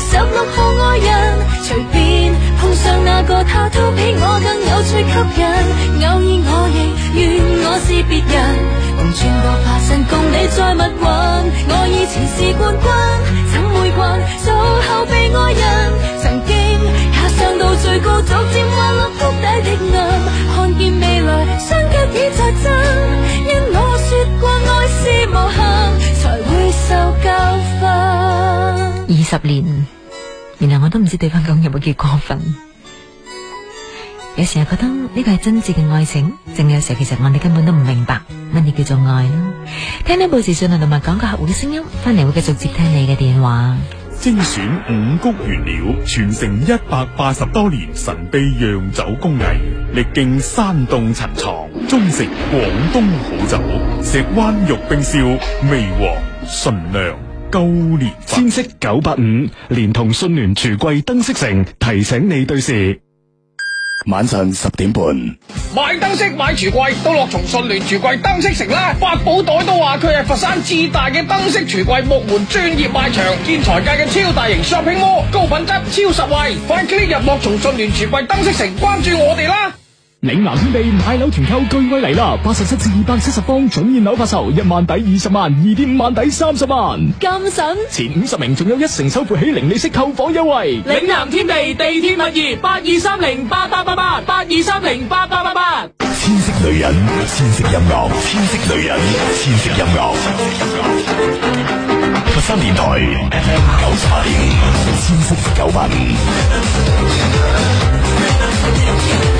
十六號愛人，隨便碰上那個他都比我更有趣吸引。偶爾我亦願我是別人，共穿過化身，共你再蜜運，我以前是冠軍，怎會慣做後備愛人？曾經也上到最高，逐漸滑落。到底的暗，看見未來，雙腳已在震。因我說過愛是無限，才會受教訓。二十年，原來我都唔知對方講有冇叫過分。 (laughs) 有時又覺得呢個係真摯嘅愛情，正有時候其實我哋根本都唔明白乜嘢叫做愛啦。聽聽部資訊台同埋廣告客戶嘅聲音，翻嚟會繼續接聽你嘅電話。精選五穀原料，傳承一百八十多年神秘釀酒工藝，歷經山洞陳藏，終成廣東好酒。石灣玉冰燒，味和純糧，勾年千色九八五，連同信聯櫥櫃燈飾城，提醒你對時。晚上十點半，買燈飾買櫥櫃都樂從順聯櫥櫃燈飾城啦！八寶袋都話佢係佛山最大嘅燈飾櫥櫃木門專業賣場，建材界嘅超大型 shopping mall，高品質超實惠，快 click 入樂從順聯櫥櫃燈飾城，關注我哋啦！嶺南天地買樓團購钜惠嚟啦！八十七至二百七十方準現樓發售，一萬抵二十萬，二點五萬抵三十萬，咁神！前五十名仲有一成首付起零，零利息購房優惠。嶺南天地地天物業八二三零八八八八八二三零八八八八。千色女人，千色音樂，千色女人，千色音樂。佛山電台 FM 九十八點五，千色九八五。 (laughs)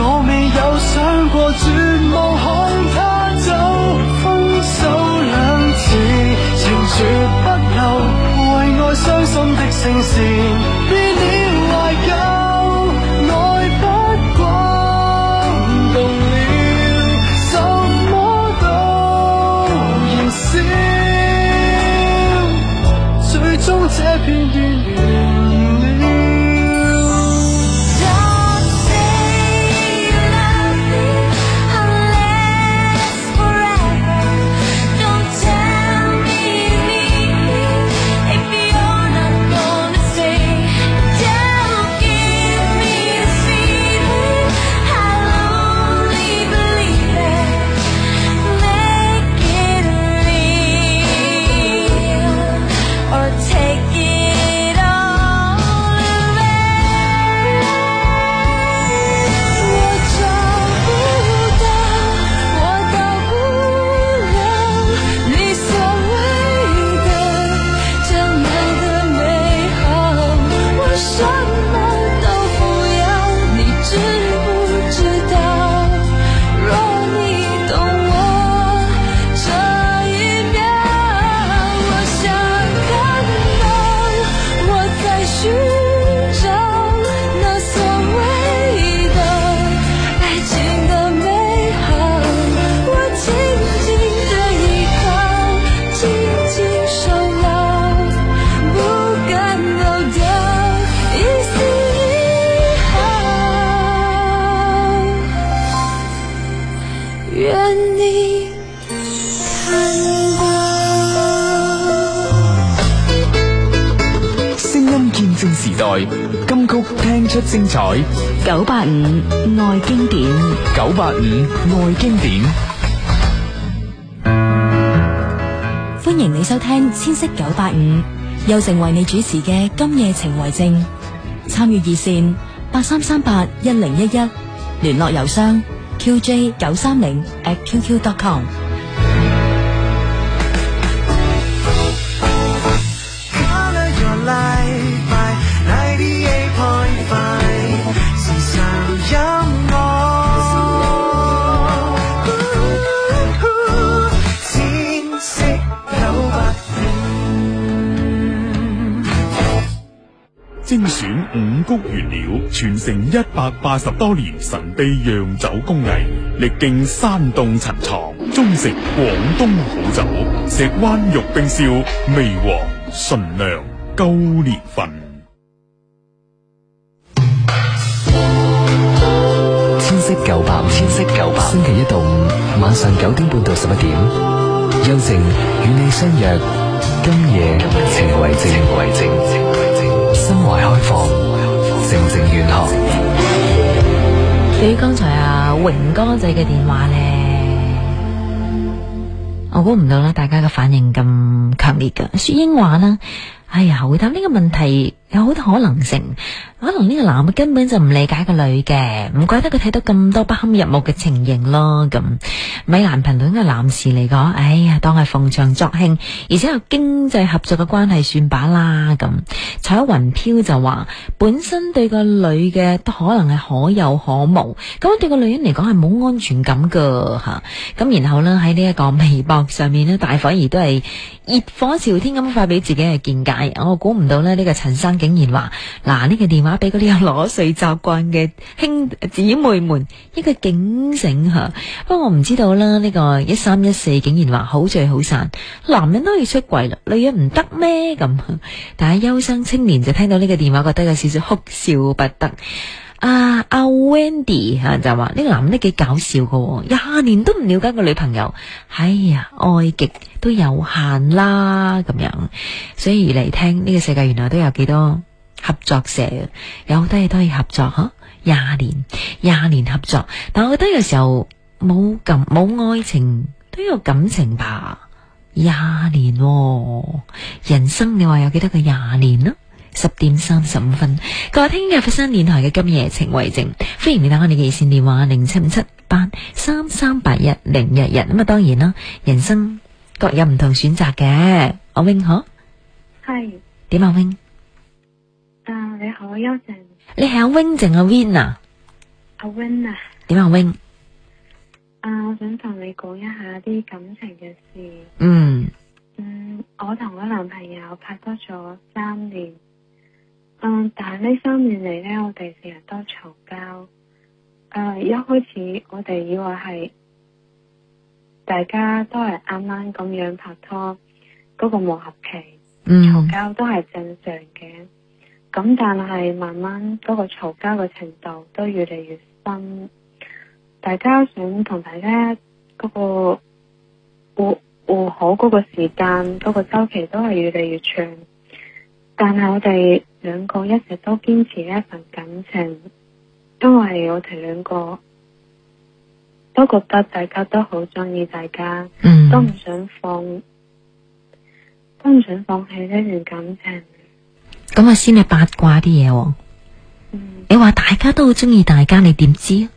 我未有想過絕望，看他走，分手兩次，情絕不留，為愛傷心的聲線別了。千色九八五又成為你主持嘅《今夜情為證》，參與熱線八三三八一零一一，11, 聯絡郵箱 qj 九三零 atqq.com。五穀原料傳承一百八十多年神秘釀酒工藝，歷經山洞陳藏，終成廣東好酒。石灣玉冰燒，味和，純糧高年份。千色舊白，千色舊白。星期一到五晚上九點半到十一點，邱靜與你相約，今夜情為證。榮哥仔嘅電話咧，我估唔到咧，大家嘅反應咁強烈㗎。雪英話啦。哎呀，回答呢個問題有好多可能性，可能呢個男嘅根本就唔理解個女嘅，唔怪得佢睇到咁多不堪入目嘅情形咯。咁米蘭評論嘅男士嚟講，哎呀，當係逢場作興，而且有經濟合作嘅關係算罷啦。咁彩雲飄就話，本身對個女嘅都可能係可有可無，咁對個女人嚟講係冇安全感噶吓。咁然後咧喺呢一個微博上面咧，大反而都係熱火朝天咁發俾自己嘅見解。係，我估唔到咧，呢個陳生竟然話，嗱，呢個電話俾嗰啲有攞水習慣嘅兄姊妹們一個警醒吓。不過我唔知道啦，呢個一三一四竟然話好聚好散，男人都要出軌啦，女人唔得咩？咁，但係憂生青年就聽到呢個電話，覺得有少少哭笑不得。啊阿 Wendy 吓就話呢個男都幾搞笑噶，哦，廿年都唔了解個女朋友，哎呀，愛極都有限啦咁樣，所以嚟聽呢，這個世界原來都有幾多合作社，有好多嘢都可以合作吓，廿、啊、年廿年合作，但我覺得有時候冇感冇愛情都有感情吧，廿年，哦，人生你話有幾多個廿年啊？十點三十五分，各位聽日佛山電台嘅今夜情為證，歡迎你打我哋嘅熱線電話零七五七八三三八一零一一，咁啊當然啦，人生各有唔同選擇嘅。我永可係點啊？永是啊、uh, 你好，邱靜，你係永靜啊？Win 啊？阿 Win 啊？點啊？永啊！我想同你講一下啲感情嘅事。嗯嗯，我同我男朋友拍拖咗三年。嗯，但係呢三年嚟咧，我哋成日都嘈交。誒、呃，一開始我哋以為係大家都係啱啱咁樣拍拖，嗰個磨合期，嘈交、嗯、都係正常嘅。咁但係慢慢、嗰個嘈交嘅程度都越嚟越深，大家想同大家、嗰個和和好個時間，嗰個週期都係越嚟越長，但係我哋兩個一直都堅持呢一份感情，因為我哋兩個都覺得大家都好中意大家，嗯、都唔想放，都唔想放棄呢段感情。咁啊、嗯，先係八卦啲嘢喎。嗯、你話大家都好中意大家，你點知？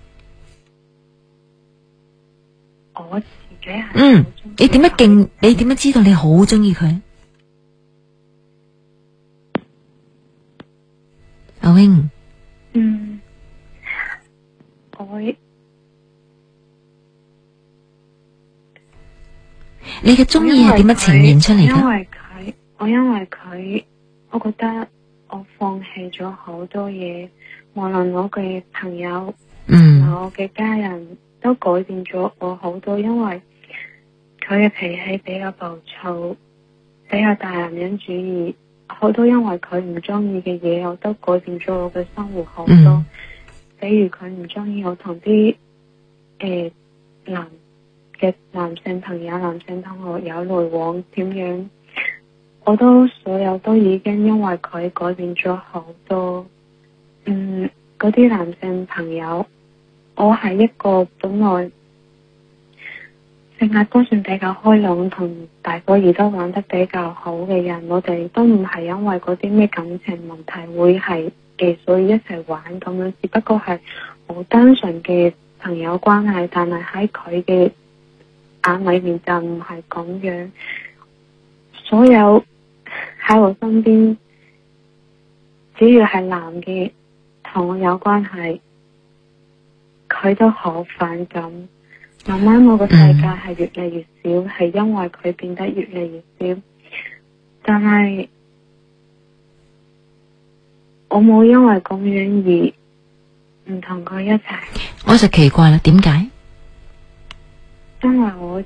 我自己係嗯，你點樣勁？你點樣知道你好中意佢？嗯，我你嘅中意係點樣呈現出嚟？因為佢，我因為佢，我覺得我放棄咗好多嘢，無論我嘅朋友，嗯，我嘅家人都改變咗我好多，因為佢嘅脾氣比較暴躁，比較大男人主義。我都因為佢唔中意嘅嘢，我都改變咗我嘅生活好多。比如佢唔中意我同啲誒男嘅男性朋友、男性同學有來往，點樣？我都所有都已經因為佢改變咗好多。嗯，嗰啲男性朋友，我係一個本來。性格都算比較開朗，同大哥兒都玩得比較好嘅人，我哋都唔係因為嗰啲咩感情問題會係嘅，所以一齊玩咁樣，只不過係好單純嘅朋友關係。但係喺佢嘅眼裏面就唔係咁樣。所有喺我身邊，只要係男嘅同我有關係，佢都好反感。慢慢我嘅世界係越嚟越少，係、嗯、因為佢變得越嚟越少，但係我冇因為咁樣而唔同佢一齊。我就奇怪啦，點解？因為我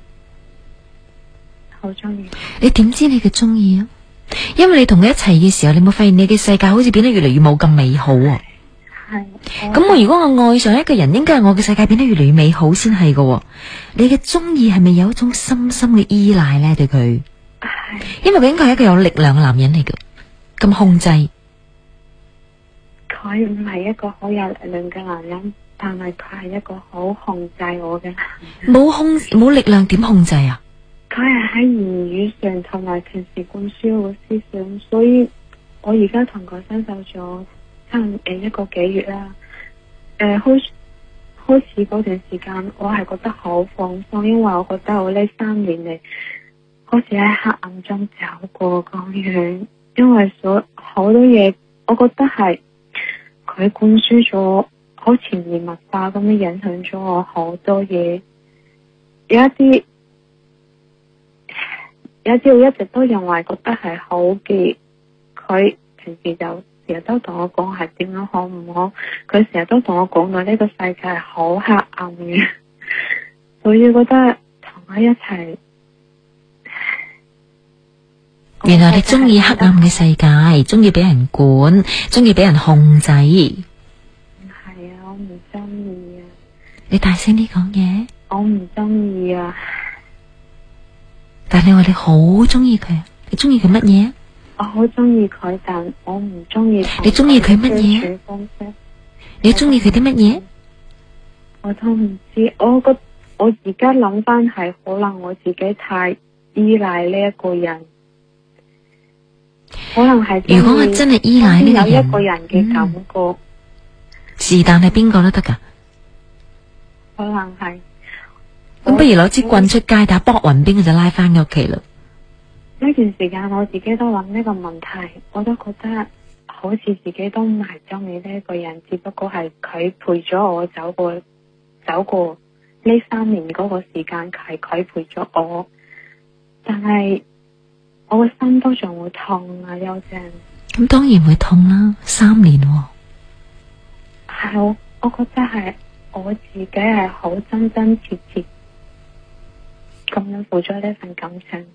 好中意。你點知你嘅中意啊？因為你同佢一齊嘅時候，你冇發現你嘅世界好似變得越嚟越冇咁美好啊？係，咁我如果我愛上一個人，應該係我嘅世界變得越嚟越美好先係嘅。你嘅中意係咪有一種深深嘅依賴呢？對佢，係，因為佢應該係一個有力量嘅男人嚟嘅，咁控制。佢唔係一個好有力量嘅男人，但係佢係一個好控制我嘅男人。冇控冇力量點控制啊？佢係喺言語上同埋平時灌輸我思想，所以我而家同佢分手咗。差誒、嗯、一個幾月啦，誒開開始段時間，我係覺得好放鬆，因為我覺得我呢三年嚟好似喺黑暗中走過咁樣，因為所好多嘢，我覺得係佢灌輸咗好潛移默化咁樣影響咗我好多嘢，有一啲有一啲我一直都認為覺得係好嘅，佢平時就。成日都同我講係點樣好唔好，佢成日都同我講到呢個世界好黑暗嘅，所 (laughs) 以覺得同佢一齊。原來你中意黑暗嘅世界，中意俾人管，中意俾人控制。唔係啊，我唔中意啊！你大聲啲講嘢。我唔中意啊！但係你話你好中意佢，你中意佢乜嘢？我好中意佢，但我唔中意。你中意佢乜嘢？你中意佢啲乜嘢？我都唔知。我覺我而家諗翻係，可能我自己太依賴呢一個人，可能係如果我真係依賴呢一個人，有一個人嘅感覺。嗯、是，是，但係邊個都得噶？可能係咁，不如攞支棍出街打卜雲邊個，我就拉翻屋企啦。呢段時間我自己都諗呢個問題，我都覺得好似自己都唔係中意呢一個人，只不過係佢陪咗我走過走過呢三年嗰個時間係佢陪咗我，但係我個心都仲會痛啊，邱靜。咁，嗯，當然會痛啦，啊，三年，哦。係我，嗯，我覺得係我自己係好真真切切咁樣付出呢份感情。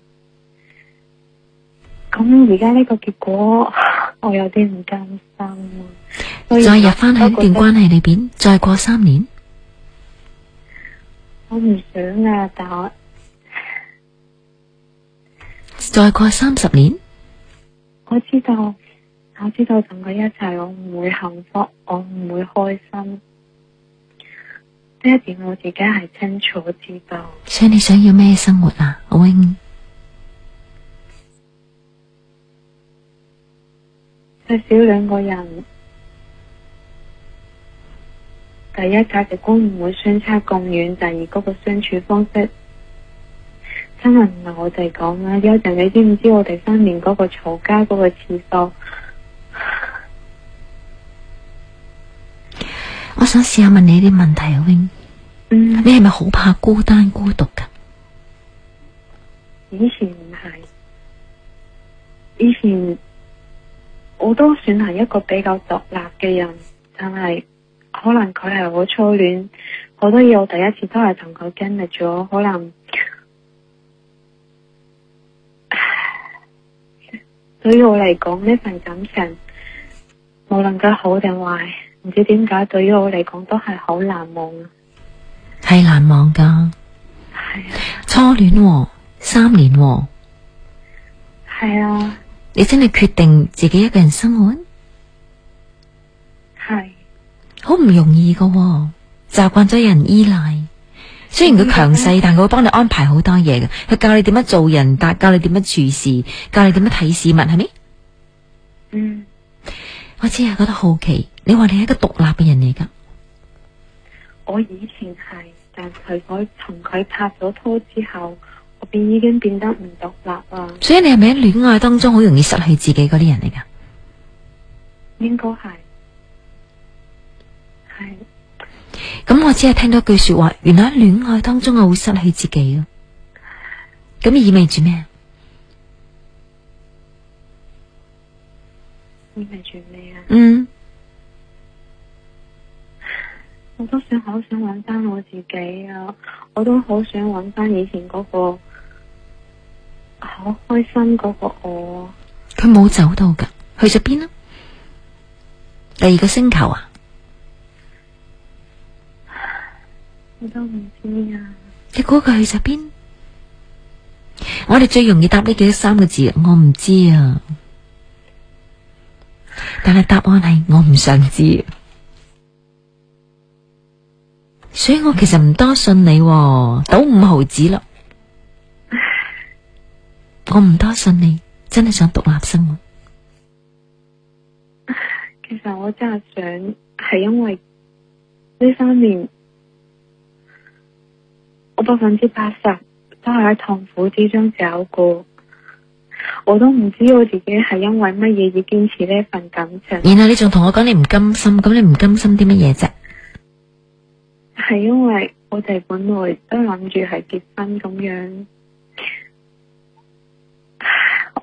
咁而家呢個結果，我有啲唔甘心。再入翻響呢段關係裏邊，再過三年，我唔想啊！但我……再過三十年，我知道，我知道同佢一齊，我唔會幸福，我唔會開心。呢一點我自己係清楚知道。所以你想要咩生活啊，阿 wing？至少兩個人，第一價值觀唔會相差咁遠，第二嗰個相處方式，真係唔係我哋講啦。有陣，你知唔知我哋三年嗰個嘈交嗰個次數？我想試下問你啲問題，啊，永。嗯，你係咪好怕孤單孤獨噶？以前唔係，以前。我都算係一個比較獨立嘅人，但係可能佢係我初戀，我都要第一次都係同佢經歷咗。可能對於我嚟講呢份感情，無論佢好定壞，唔知點解對於我嚟講都係好難忘。係難忘噶，係啊，初戀喎，三年喎，係啊。你真係決定自己一個人生活？係是，好唔容易噶，啊，習慣咗有人依賴。雖然佢強勢，的但佢會幫你安排好多嘢嘅，佢教你點樣做人，但教你點樣處事，教你點樣睇事物，係咪？嗯，我只係覺得好奇，你話你係一個獨立嘅人嚟噶。我以前係，但係我同佢拍咗拖之後。變已經變得唔獨立啦，所以你係咪喺戀愛當中好容易失去自己嗰啲人嚟㗎？應該係係。咁我只係聽到一句說話，原來喺戀愛當中我會失去自己啊！咁意味住咩？意味住咩啊？嗯，我都想好想揾翻我自己啊！我都好想揾翻以前嗰個。好開心嗰個我，佢冇走到噶，去咗邊啦？第二個星球啊，我都唔知啊。你估佢去咗邊？ (laughs) 我哋最容易答呢幾多三個字，我唔知啊。但係答案係我唔想知，所以我其實唔多信你賭、啊、五毫子咯。我唔多信你，真係想獨立生活。其實我真係想，係因為呢三年，我百分之八十都係喺痛苦之中走過，我都唔知我自己係因為乜嘢而堅持呢份感情。然後你仲同我講你唔甘心，咁你唔甘心啲乜嘢啫？係因為我哋本來都諗住係結婚咁樣。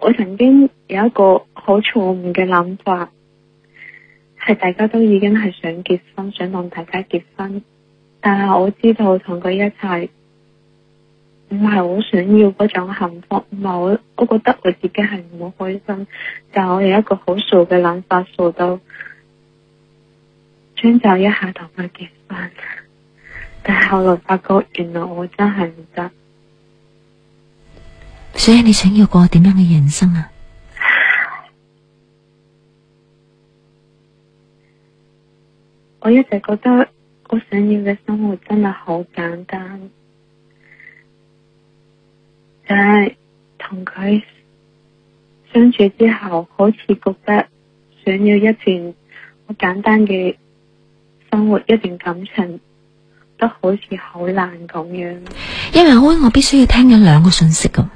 我曾經有一個好錯誤嘅諗法，係大家都已經係想結婚，想同大家結婚，但係我知道同佢一齊唔係好想要嗰種幸福，唔係我，我覺得我自己係唔好開心。但我有一個好傻嘅諗法，傻到將就一下同佢結婚，但係後來發覺，原來我真係唔得。所以你想要過點樣嘅人生啊？我一直覺得我想要嘅生活真係好簡單，但係同佢相處之後，好似覺得想要一段好簡單嘅生活，一段感情，都好似好難咁樣。因為我我必須要聽緊兩個信息噶、啊。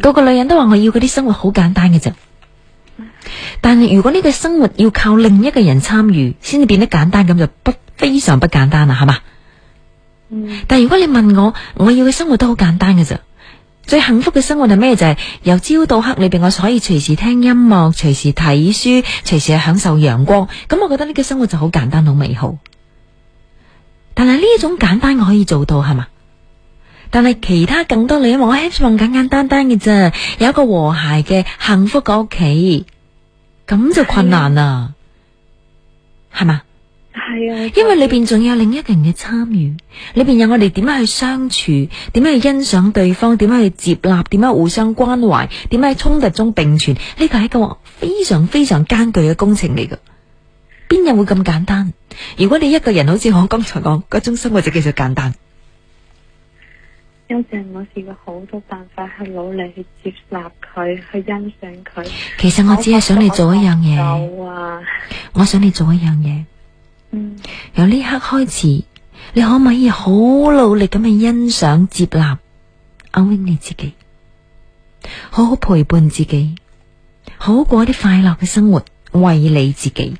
個個女人都話我要嗰啲生活好簡單嘅咋。但係如果呢個生活要靠另一個人參與，先至變得簡單，咁就不非常不簡單啦，係嘛？但如果你問我，我要嘅生活都好簡單嘅咋。最幸福嘅生活係咩？就係、是、由朝到黑裏邊，我可以隨時聽音樂，隨時睇書，書，隨時享受陽光。咁我覺得呢個生活就好簡單，好美好。但係呢一種簡單我可以做到，係嘛？但係其他更多你都冇，我希望簡簡單單嘅啫，有一個和諧嘅幸福個屋企，咁就困難啦，係嘛？係啊，係啊，因為裏邊仲有另一個人嘅參與，裏邊有我哋點樣去相處，點樣去欣賞對方，點樣去接納，點樣互相關懷，點樣喺衝突中並存，呢個係一個非常非常艱鉅嘅工程嚟噶。邊有會咁簡單？如果你一個人好似我剛才講嗰種生活就叫做簡單。邱靜，我試過好多辦法去努力去接納佢，去欣賞佢。其實我只係想你做一樣嘢。有啊， (laughs) 我想你做一樣嘢。嗯。由呢刻開始，你可唔可以好努力咁去欣賞、接納、安慰你自己？好好陪伴自己，好，好過啲快樂嘅生活，為你自己。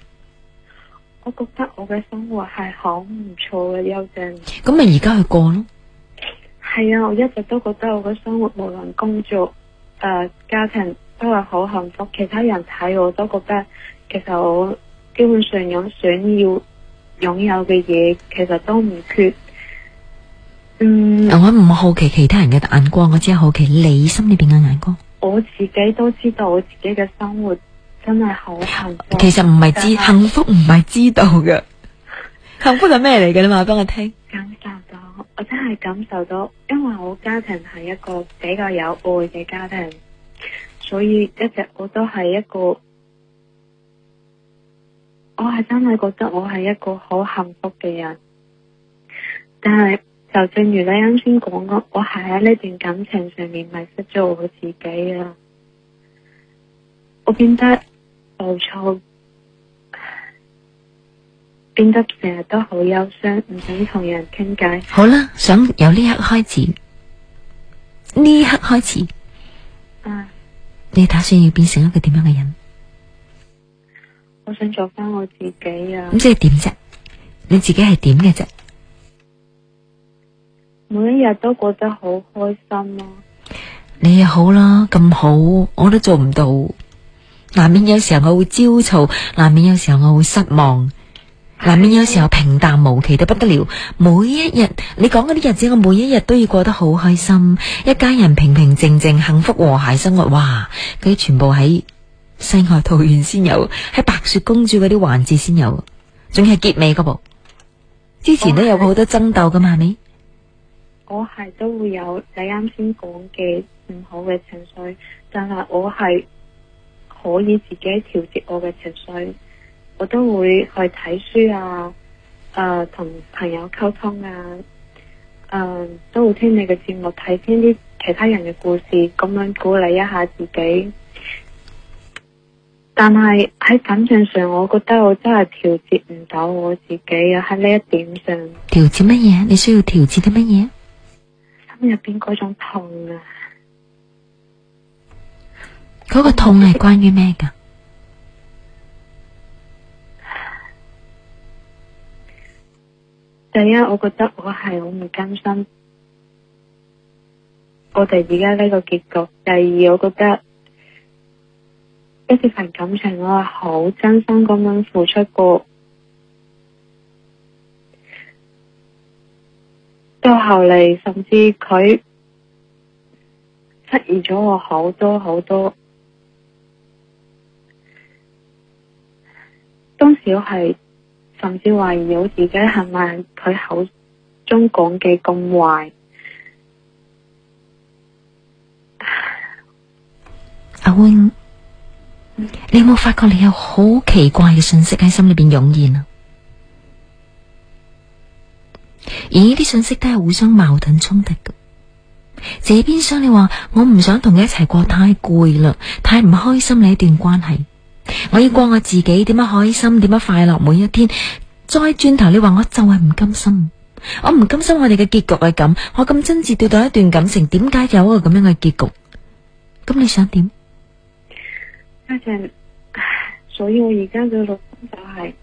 我覺得我嘅生活係好唔錯嘅，邱靜。咁咪而家去過咯。係啊，我一直都覺得我嘅生活無論工作、誒、呃、家庭都係好幸福。其他人睇我都覺得，其實我基本上有想要擁有嘅嘢，其實都唔缺。嗯，我唔好好奇其他人嘅眼光，我只係好奇你心裏邊嘅眼光。我自己都知道，我自己嘅生活真係好幸福。其實唔係知幸福，唔係知道嘅。 (laughs) 幸福係咩嚟嘅？你話俾我聽。感受到。我真係感受到，因為我家庭係一個比較有愛嘅家庭，所以一直我都係一個，我係真係覺得我係一個好幸福嘅人。但係就正如你啱先講過，我係喺呢段感情上面迷失咗我自己啊！我變得暴躁。變得成日都好憂傷，唔想同人傾偈。好啦，想由呢刻開始，呢刻開始，啊、你打算要變成一個點樣嘅人？我想做翻我自己啊！咁即係點啫？你自己係點嘅啫？每一日都過得好開心咯，啊。你又好啦，咁好我都做唔到，難免有時候我會焦躁，難免有時候我會失望。嗱，咪有時候平淡無奇到不得了，每一日你講嗰啲日子，我每一日都要過得好開心，一家人平平靜靜、幸福和諧生活，哇！佢全部喺世外桃源先有，喺白雪公主嗰啲環節先有，仲係結尾嗰部。之前都有好多爭鬥噶嘛，係咪？是是我係都會有你啱先講嘅唔好嘅情緒，但係我係可以自己調節我嘅情緒。我都會去睇書啊，誒、呃，同朋友溝通啊，誒、呃，都會聽你嘅節目，睇聽啲其他人嘅故事，咁樣鼓勵一下自己。但係喺感情上，我覺得我真係調節唔到我自己啊！喺呢一點上，調節乜嘢？你需要調節啲乜嘢？心入邊嗰種痛啊！嗰個痛係關於咩㗎？嗯嗯第一，我覺得我係好唔甘心，我哋而家呢個結局。第二，我覺得一啲份感情我係好真心咁樣付出過，到後嚟甚至佢質疑咗我好多好多，當時我係。甚至懷疑我自己係咪佢口中講嘅咁壞？阿 Win，你有冇發覺你有好奇怪嘅信息喺心裏邊湧現啊？而呢啲信息都係互相矛盾衝突嘅。這邊想你話，我唔想同你一齊過，太攰啦，太唔開心呢一段關係。我要過我自己點樣開心，點樣快樂每一天。再轉頭你話我就係唔甘心，我唔甘心我哋嘅結局係咁，我咁真摯對待一段感情，點解有一個咁樣嘅結局？咁你想點？家陣，所以我而家嘅老公就係、是、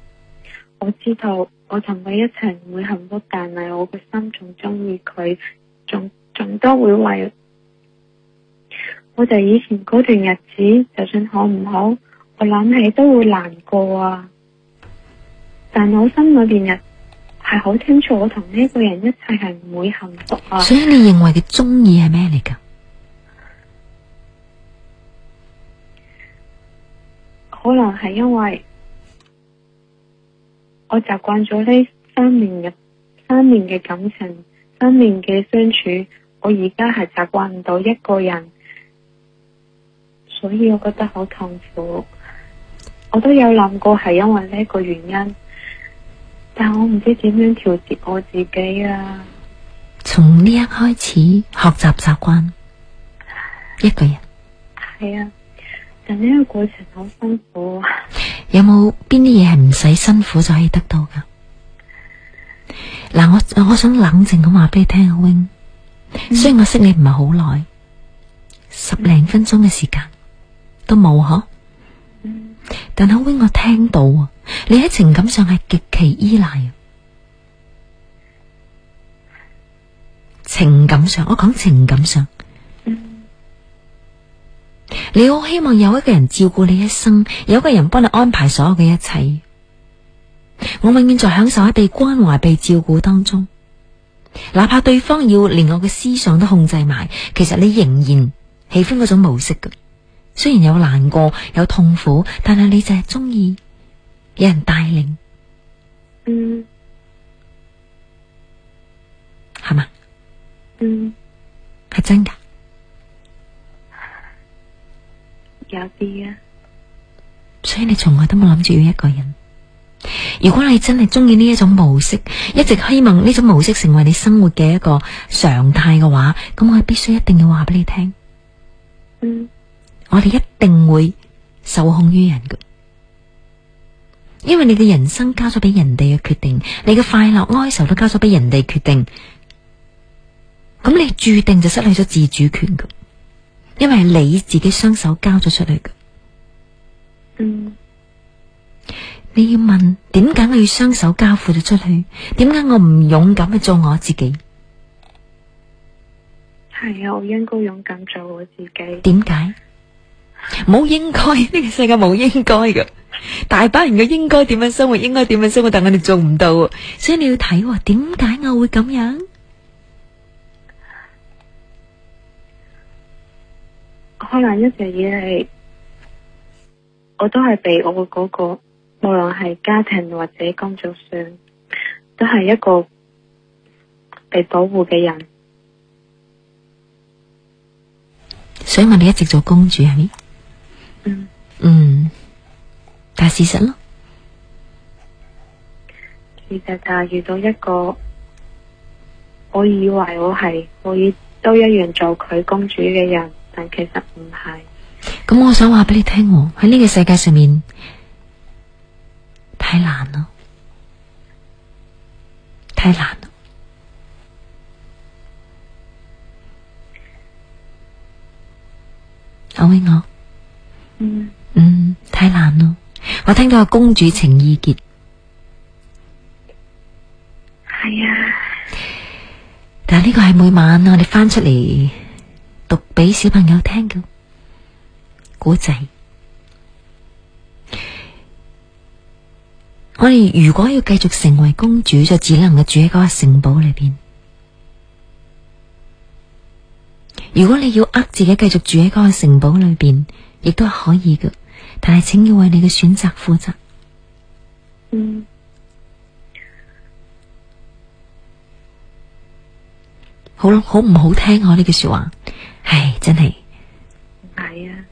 我知道我同佢一齊唔會幸福，但係我嘅心仲中意佢，仲仲多會為我哋以前嗰段日子，就算好唔好。我諗起都會難過啊！但我心裏邊啊，係好清楚，我同呢個人一齊係唔會幸福啊。所以你認為嘅中意係咩嚟噶？可能係因為我習慣咗呢三年嘅，三年嘅感情，三年嘅相處，我而家係習慣唔到一個人，所以我覺得好痛苦。我都有諗過係因為呢個原因，但我唔知點樣調節我自己啊。從呢一開始學習習慣，一個人係啊，但呢個過程好辛苦啊。有冇邊啲嘢係唔使辛苦就可以得到噶嗱， (laughs) 我我想冷靜咁話俾你聽，Wing，嗯、雖然我識你唔係好耐，嗯、十零分鐘嘅時間都冇嗬。但係 Wing 我聽到你喺情感上係極其依賴嘅，情感上，我講情感上，嗯、你好希望有一個人照顧你一生，有一個人幫你安排所有嘅一切，我永遠在享受喺被關懷、被照顧當中，哪怕對方要連我嘅思想都控制埋，其實你仍然喜歡嗰種模式嘅。雖然有難過，有痛苦，但係你就係中意有人帶領，嗯，係咪，嗯，係真噶，有啲啊，所以你從來都冇諗住要一個人。如果你真係中意呢一種模式，嗯、一直希望呢種模式成為你生活嘅一個常態嘅話，咁我必須一定要話俾你聽，嗯。我哋一定會受控於人嘅，因為你嘅人生交咗俾人哋嘅決定，你嘅快樂哀愁都交咗俾人哋決定，咁你注定就失去咗自主權嘅，因為係你自己雙手交咗出去嘅。嗯，你要問點解我要雙手交付咗出去？點解我唔勇敢去做我自己？係啊，我應該勇敢做我自己。點解？冇應該，呢個世界冇應該嘅，大把人嘅應該點樣生活，應該點樣生活，但我哋做唔到啊。所以你要睇點解我會咁樣。可能一直以嚟，我都係被我嘅嗰個，無論係家庭或者工作上，都係一個被保護嘅人。所以我哋一直做公主係咪？其實其實就遇到一個，我以為我係可以都一樣做佢公主嘅人，但其實唔係。咁我想話俾你聽，喺呢個世界上面太難咯，太難咯。阿威我， (music) 嗯嗯，太難咯。我聽到《公主情意結》哎呀，係啊，但係呢個係每晚我哋翻出嚟讀俾小朋友聽嘅古仔。我哋如果要繼續成為公主，就只能夠住喺嗰個城堡裏邊。如果你要呃自己繼續住喺嗰個城堡裏邊，亦都係可以嘅。但係，請要為你嘅選擇負責。嗯，好咯，好唔好聽啊？我呢句說話，唉，真係。係啊，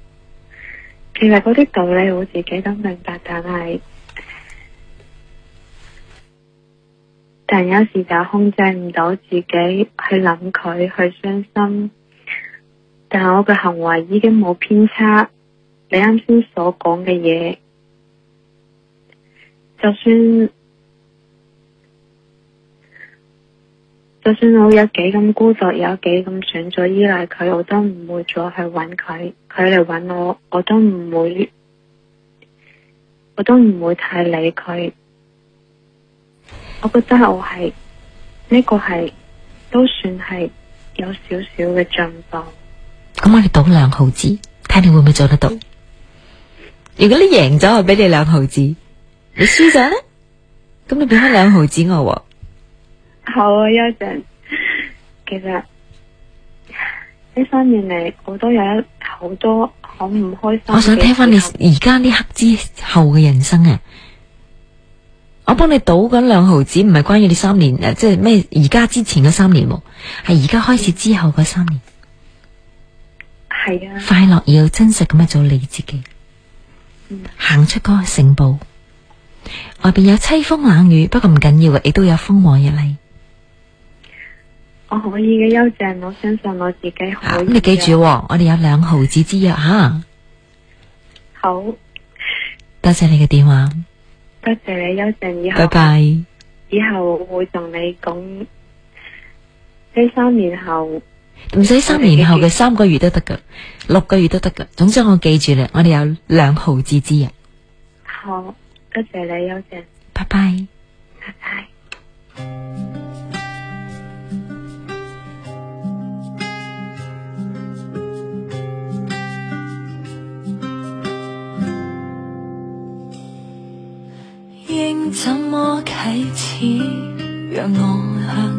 其實嗰啲道理我自己都明白，但係，但有時就控制唔到自己去諗佢，去傷心。但係我嘅行為已經冇偏差。你啱先所講嘅嘢，就算就算我有幾咁孤獨，有幾咁上咗依賴佢，我都唔會再去揾佢。佢嚟揾我，我都唔會，我都唔會太理佢。我覺得我係呢、這個係都算係有少少嘅進步。咁我哋賭兩毫子，睇你會唔會做得到？如果你贏咗，我俾你兩毫子；你輸咗咧，咁你俾翻兩毫子我。好，啊，一陣。其實呢三年嚟，我都有一好多好唔開心嘅。我想聽翻你而家呢刻之後嘅人生啊！ (laughs) 我幫你賭緊兩毫子，唔係關於你三年誒，即係咩？而家之前嗰三年，係而家開始之後嗰三年。係啊的。快樂要真實咁樣做你自己。行出個城堡，外邊有凄風冷雨，不過唔緊要嘅，亦都有風和日麗。我可以嘅，邱靜我相信我自己可以。啊，咁你記住，我哋有兩毫子之約吓。好，多謝你嘅電話。多謝你，邱靜以後。拜拜。以後會同你講，呢三年後。唔使三年後嘅三個月都得噶，六個月都得噶。總之我記住啦，我哋有兩毫子之日。好，多謝你，優姐。拜拜，拜拜。應怎麼啟齒？讓我向。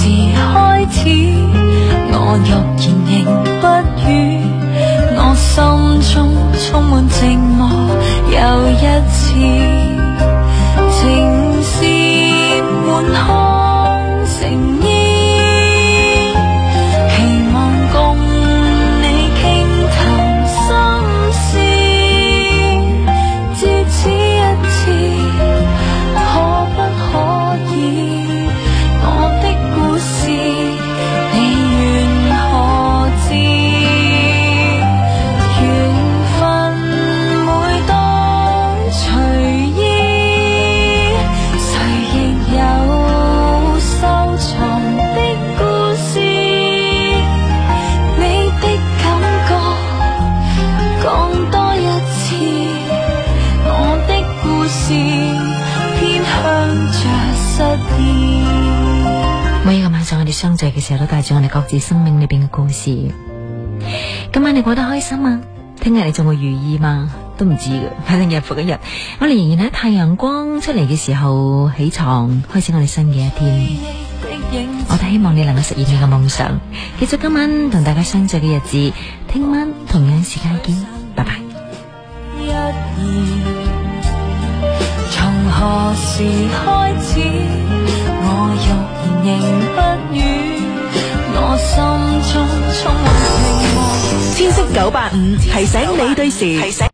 時開始，我欲言仍不語，我心中充滿寂寞。又一次，情是滿腔。嘅時候都帶住我哋各自生命裏邊嘅故事。今晚你過得開心嗎？啊？聽日你仲會如意嗎？都唔知嘅，反正日復一日。我哋仍然喺太陽光出嚟嘅時候起床，開始我哋新嘅一天。我都希望你能夠實現你嘅夢想。結束今晚同大家相聚嘅日子，聽晚同樣時間見，拜拜。一二，從何時開始？天色九八五提醒你對時。